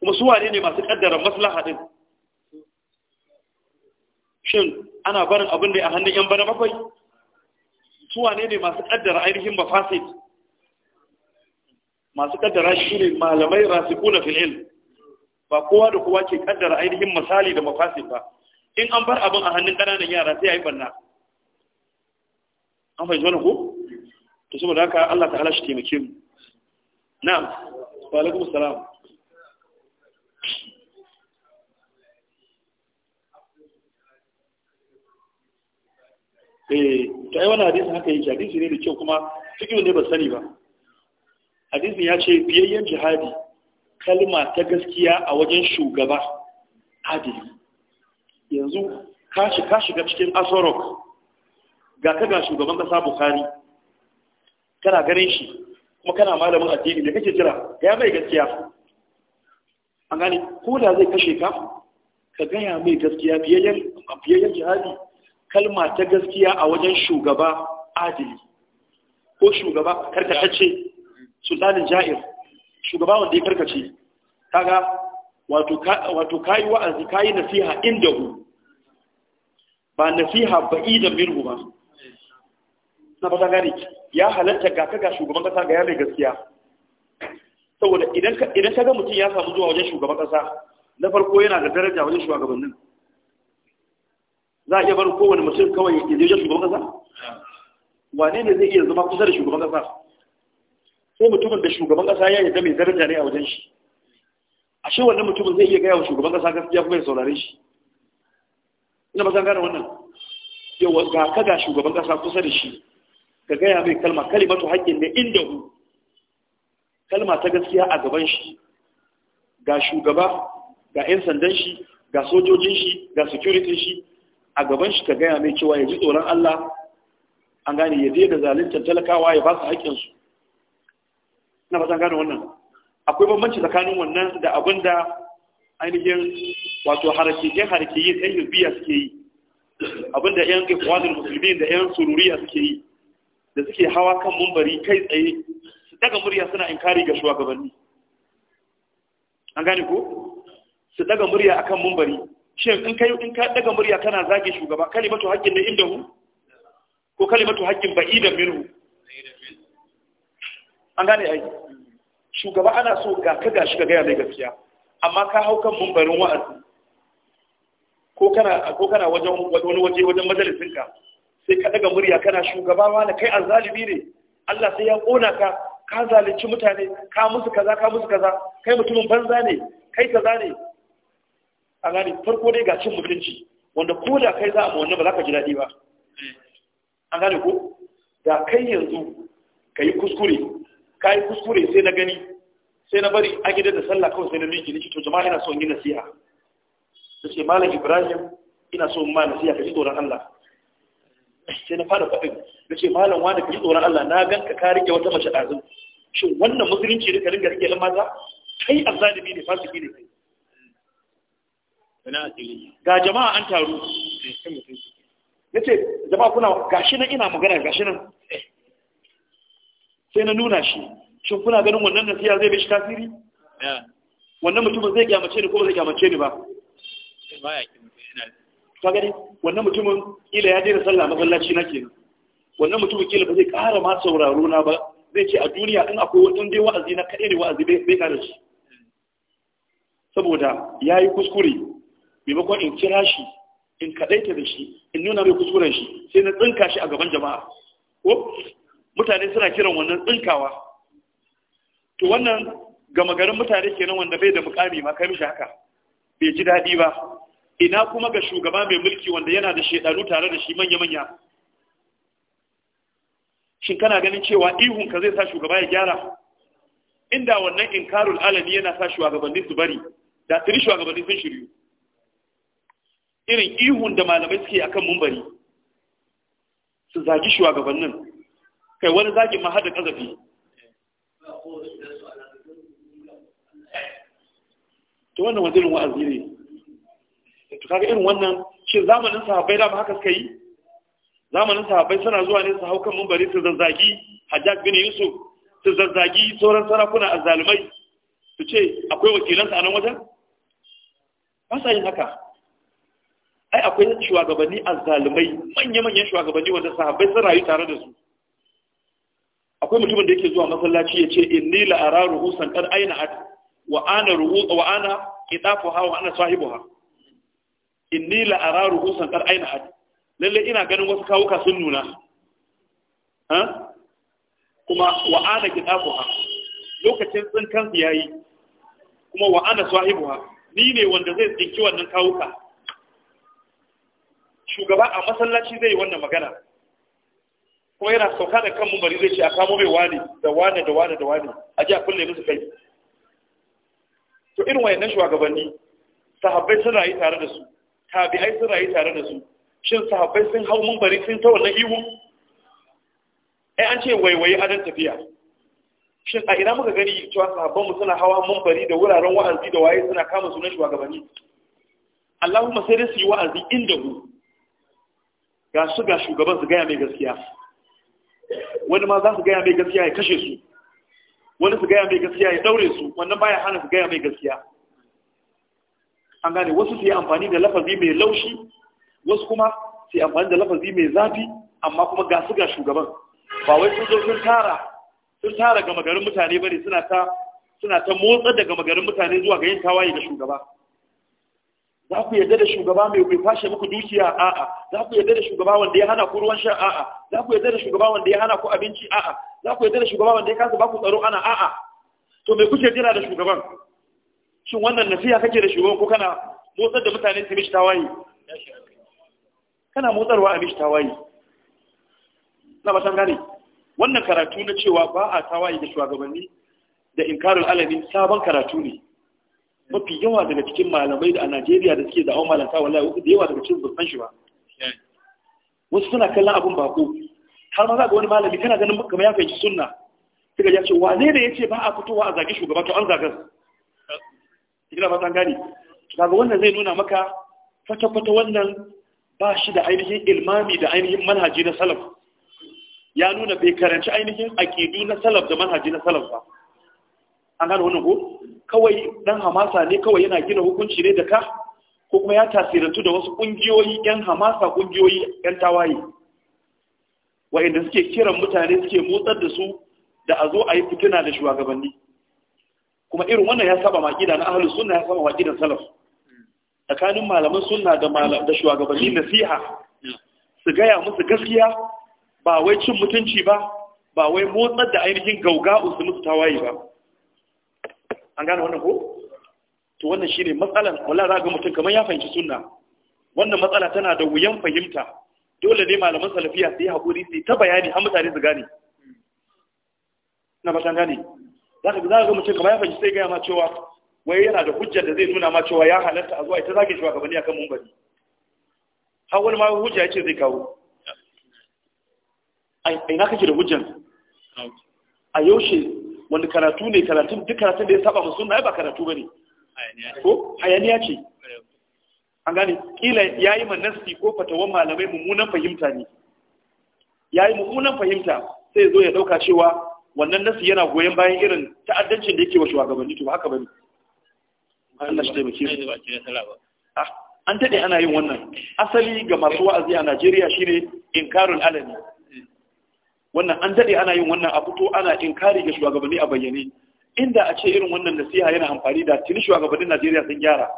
kuma su wane ne masu ƙaddara maslaha din shin ana barin abin da a hannun yan bana bakwai suwa ne ne masu kaddara ainihin fasit masu kaddara shi ne malamai rasiku na fil'il ba kowa da kowa ke kaddara ainihin misali da mafasit ba in an bar abin a hannun ƙananan yara sai ayi barna an fahimci wannan ko to saboda haka Allah ta'ala shi taimake mu na'am wa alaikum assalam eh ta yi wani hadisin haka yake hadisi ne da kyau kuma cikin ne ba sani ba hadisin ya ce biyayyen jihadi kalma ta gaskiya a wajen shugaba adili yanzu kashi-kashi ga cikin asorok ga ka ga shugaban kasa bukari kana ganin shi kuma kana malamin addini da kake jira ya mai gaskiya an gani ko da zai kashe ka ka gaya mai gaskiya biyayyen jihadi kalma ta gaskiya a wajen shugaba adili ko shugaba karkatacce sultanin ja'ir shugaba wanda ya karkace kaga wato kayi wa'azi kayi nasiha inda hu ba nasiha ba da mirhu ba na fata gani ya halatta ga kaga shugaban kasa ga ya mai gaskiya saboda idan ka ga mutum ya samu zuwa wajen shugaban kasa na farko yana da daraja wajen shugabannin za a iya bar kowane mutum kawai ya je shugaban kasa wane ne zai iya zama kusa da shugaban kasa sai mutumin da shugaban kasa ya yarda mai daraja ne a wajen shi ashe wannan mutumin zai iya gaya wa shugaban kasa gaskiya kuma ya saurare shi ina ba san gane wannan yawa ga ka ga shugaban kasa kusa da shi ka gaya mai kalma kalimatu haƙƙin ne inda hu kalma ta gaskiya a gaban shi ga shugaba ga 'yan sandan shi ga sojojin shi ga security shi a gaban shi ka gaya mai cewa ya ji tsoron Allah an gane ya je da zaluntar talakawa ya ba su haƙƙinsu na fatan gane wannan akwai bambanci tsakanin wannan da abin da ainihin wato harakikin harakiyin ɗan yubiya suke yi abin da ‘yan ikwanin musulmi da ‘yan sururiya suke yi da suke hawa kan mumbari kai tsaye su daga murya suna inkari ga shugabanni an gane ko su daga murya akan mumbari shin in kai in ka daga murya kana zage shugaba kalimatu haqqin ne inda ko kalimatu haqqin ba'idan minhu an gane ai shugaba ana so ga ka gashi ga gaya mai gaskiya amma ka hau kan bumbarin wa'azi ko kana ko kana wajen wani waje wajen majalisinka sai ka daga murya kana shugaba wani kai azzalimi ne Allah sai ya kona ka ka zalunci mutane ka musu kaza ka musu kaza kai mutumin banza ne kai kaza ne a gani farko dai ga cin mutunci wanda ko da kai za a wannan ba za ka ji daɗi ba eh. an gane ko da kai yanzu ka yi kuskure ka yi kuskure sai na gani sai na bari a gidan da sallah kawai sai na miki niki to jama'a ina son yi nasiha ta ce malam ibrahim ina son ma nasiha ka ji tsoron allah sai na fara faɗin ta ce malam wani ka ji tsoron allah na gan ka rike wata mace ɗazu shin wannan musulunci da ka ringa rike ɗan mata kai azzalimi ne fasiki ne kai ga jama'a an taru ya ce jama'a kuna gashi nan ina magana gashi nan sai na nuna shi shin kuna ganin wannan nasiya zai bai shi tasiri wannan mutumin zai kyamace ni ko zai kyamace ni ba Ta gani wannan mutumin Ila ya je da sallah masallaci na kenan wannan mutumin kila ba zai ƙara ma sauraro na ba zai ce a duniya in akwai wani dai wa'azi na kaɗai ne wa'azi bai kare shi hmm. saboda ya yi kuskure maimakon in kira shi in kadaita da shi in nuna mai kuskuren shi sai na tsinka shi a gaban jama'a ko mutane suna kiran wannan tsinkawa to wannan gama garin mutane kenan wanda bai da mukami ma kai mishi haka bai ji daɗi ba ina kuma ga shugaba mai mulki wanda yana da shedaru tare da shi manya-manya shin kana ganin cewa ihun ka zai sa shugaba ya gyara inda wannan inkarul alami yana sa shugabanni su bari da tiri shugabanni sun shiryu irin ihun da malamai suke a kan mumbari su zagi shugabannin kai wani zagi ma hada kazafi to wannan wani wa'azi ne to kaga irin wannan shi zamanin sahabbai da haka suka yi zamanin sahabbai suna zuwa ne su hau kan mumbari su zazzagi hajjaj bin yusuf su zazzagi sauran sarakuna azzalumai su ce akwai wakilansa a nan wajen ba sa yin haka ai akwai shugabanni azzalumai manya-manyan shugabanni wanda sahabbai sun rayu tare da su akwai mutumin da yake zuwa masallaci ya ce inni la ara ruhusan qad aina at wa ana ruhu wa ana ha wa ana ha inni la ara ruhusan qad aina at lalle ina ganin wasu kawuka sun nuna ha kuma wa ana ha lokacin kan yayi kuma wa ana ha ni ne wanda zai tsinki wannan kawuka shugaba a masallaci zai yi wannan magana kuma yana sauka da kan mumbari zai ce a kamo mai wani da wani da wani da wani a ji a kulle musu kai to irin wayannan shugabanni sahabbai sun rayu tare da su tabi'ai sun rayu tare da su shin sahabbai sun hau mumbari sun ta wannan ihu ai an ce waiwaye adon tafiya shin a ina muka gani cewa sahabban mu suna hawa mumbari da wuraren wa'azi da waye suna kama sunan shugabanni Allahumma sai dai su yi wa'azi inda mu ga su ga shugaban su gaya mai gaskiya wani ma za su gaya mai gaskiya ya kashe su wani su gaya mai gaskiya ya daure su wannan baya hana su gaya mai gaskiya an gane wasu su yi amfani da lafazi mai laushi wasu kuma su yi amfani da lafazi mai zafi amma kuma ga su ga shugaban ba wai sun zo sun tara sun tara gama garin mutane bane suna ta suna ta motsa daga magarin mutane zuwa ga yin tawaye ga shugaba za ku yarda da shugaba mai bai fashe muku dukiya a'a za ku yarda da shugaba wanda ya hana ku ruwan sha a'a za ku yarda da shugaba wanda ya hana ku abinci a'a za ku yarda da shugaba wanda ya kasa ba ku tsaro ana a'a to me kuke jira da shugaban shin wannan nasiha kake da shugaban ko kana motsar da mutane su mishi tawaye kana motsarwa a mishi tawaye na ba san gane wannan karatu na cewa ba a tawaye da shugabanni da inkarul alamin sabon karatu ne mafi yawa daga cikin malamai da a Najeriya da suke da'awar malanta wallahi wasu da yawa daga cikin burfan shi ba wasu suna kallon abin bako har ma za ga wani malami kana ganin kamar ya fahimci sunna sai ya ce wane ne ce ba a fitowa a zagi shugaba to an zagar kina ba san gani ga wannan zai nuna maka kwata-kwata wannan ba shi da ainihin ilmami da ainihin manhaji na salaf ya nuna bai karanci ainihin aƙidu na salaf da manhaji na salaf ba an gane wannan ko kawai dan hamasa ne kawai yana gina hukunci ne da ka ko kuma ya tasirantu da wasu kungiyoyi yan hamasa kungiyoyi yan tawaye wa'inda suke kiran mutane suke motsar da su da a zo a yi fitina da shugabanni kuma irin wannan ya saba maƙida na ahalus sunna ya saba maƙidan salaf tsakanin malaman sunna da da shugabanni nasiha su gaya musu gaskiya ba wai cin mutunci ba ba wai motsar da ainihin gauga su musu tawaye ba an gane wannan ko to wannan shine matsalan wallahi za ga mutum kamar ya fahimci sunna wannan matsala tana da wuyan fahimta dole ne malaman salafiya su yi haƙuri su ta bayani har mutane su gane na ba gane za ka ga mutum kamar ya fahimci sai gaya ma cewa wai yana da hujjar da zai nuna ma cewa ya halatta a zuwa ita zage shi gabanni akan mumbari har wani ma hujja yace zai kawo ai ina kake da hujjan a yaushe wanda karatu ne Karatu, duk karatu da ya saba mu sunna ba karatu bane ko hayaniya ce an gane kila yayi manasti ko fatawan malamai mummunan fahimta ne yayi mummunan fahimta sai zo ya dauka cewa wannan nasi yana goyon bayan irin ta'addancin da yake wa shugabanni to haka bane Allah shi taimake mu ah, an taɗe ana yin wannan asali ga masu wa'azi a Najeriya shine inkarul alani wannan an daɗe ana yin wannan a to ana kare ga shugabanni a bayyane inda a ce irin wannan nasiha yana amfani da tuni shugabannin Najeriya sun gyara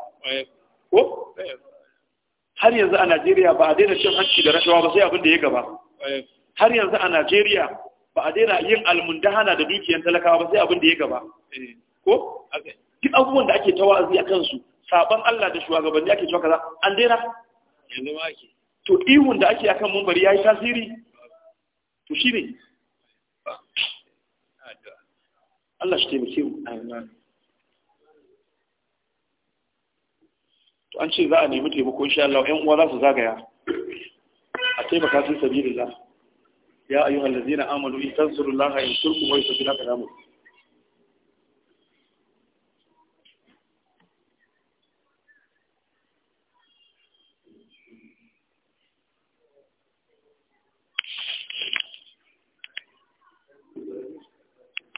ko har yanzu a Najeriya ba a daina cin hanci da rashawa ba sai abin da ya gaba har yanzu a Najeriya ba a daina yin almundahana da dukiyar talakawa ba sai abin da ya gaba eh. ko duk abubuwan da ake ta a kansu saban Allah da shugabanni ake cewa kaza an daina yanzu ma ake to ihun da ake akan mumbari yayi tasiri to shi ne Allah shi taimake mu to an ce za a nemi taimakon shi Allah ƴan uwa za su zagaya a taimaka sun da za ya ayyuhallazina amanu in tansurullaha su fi na lakum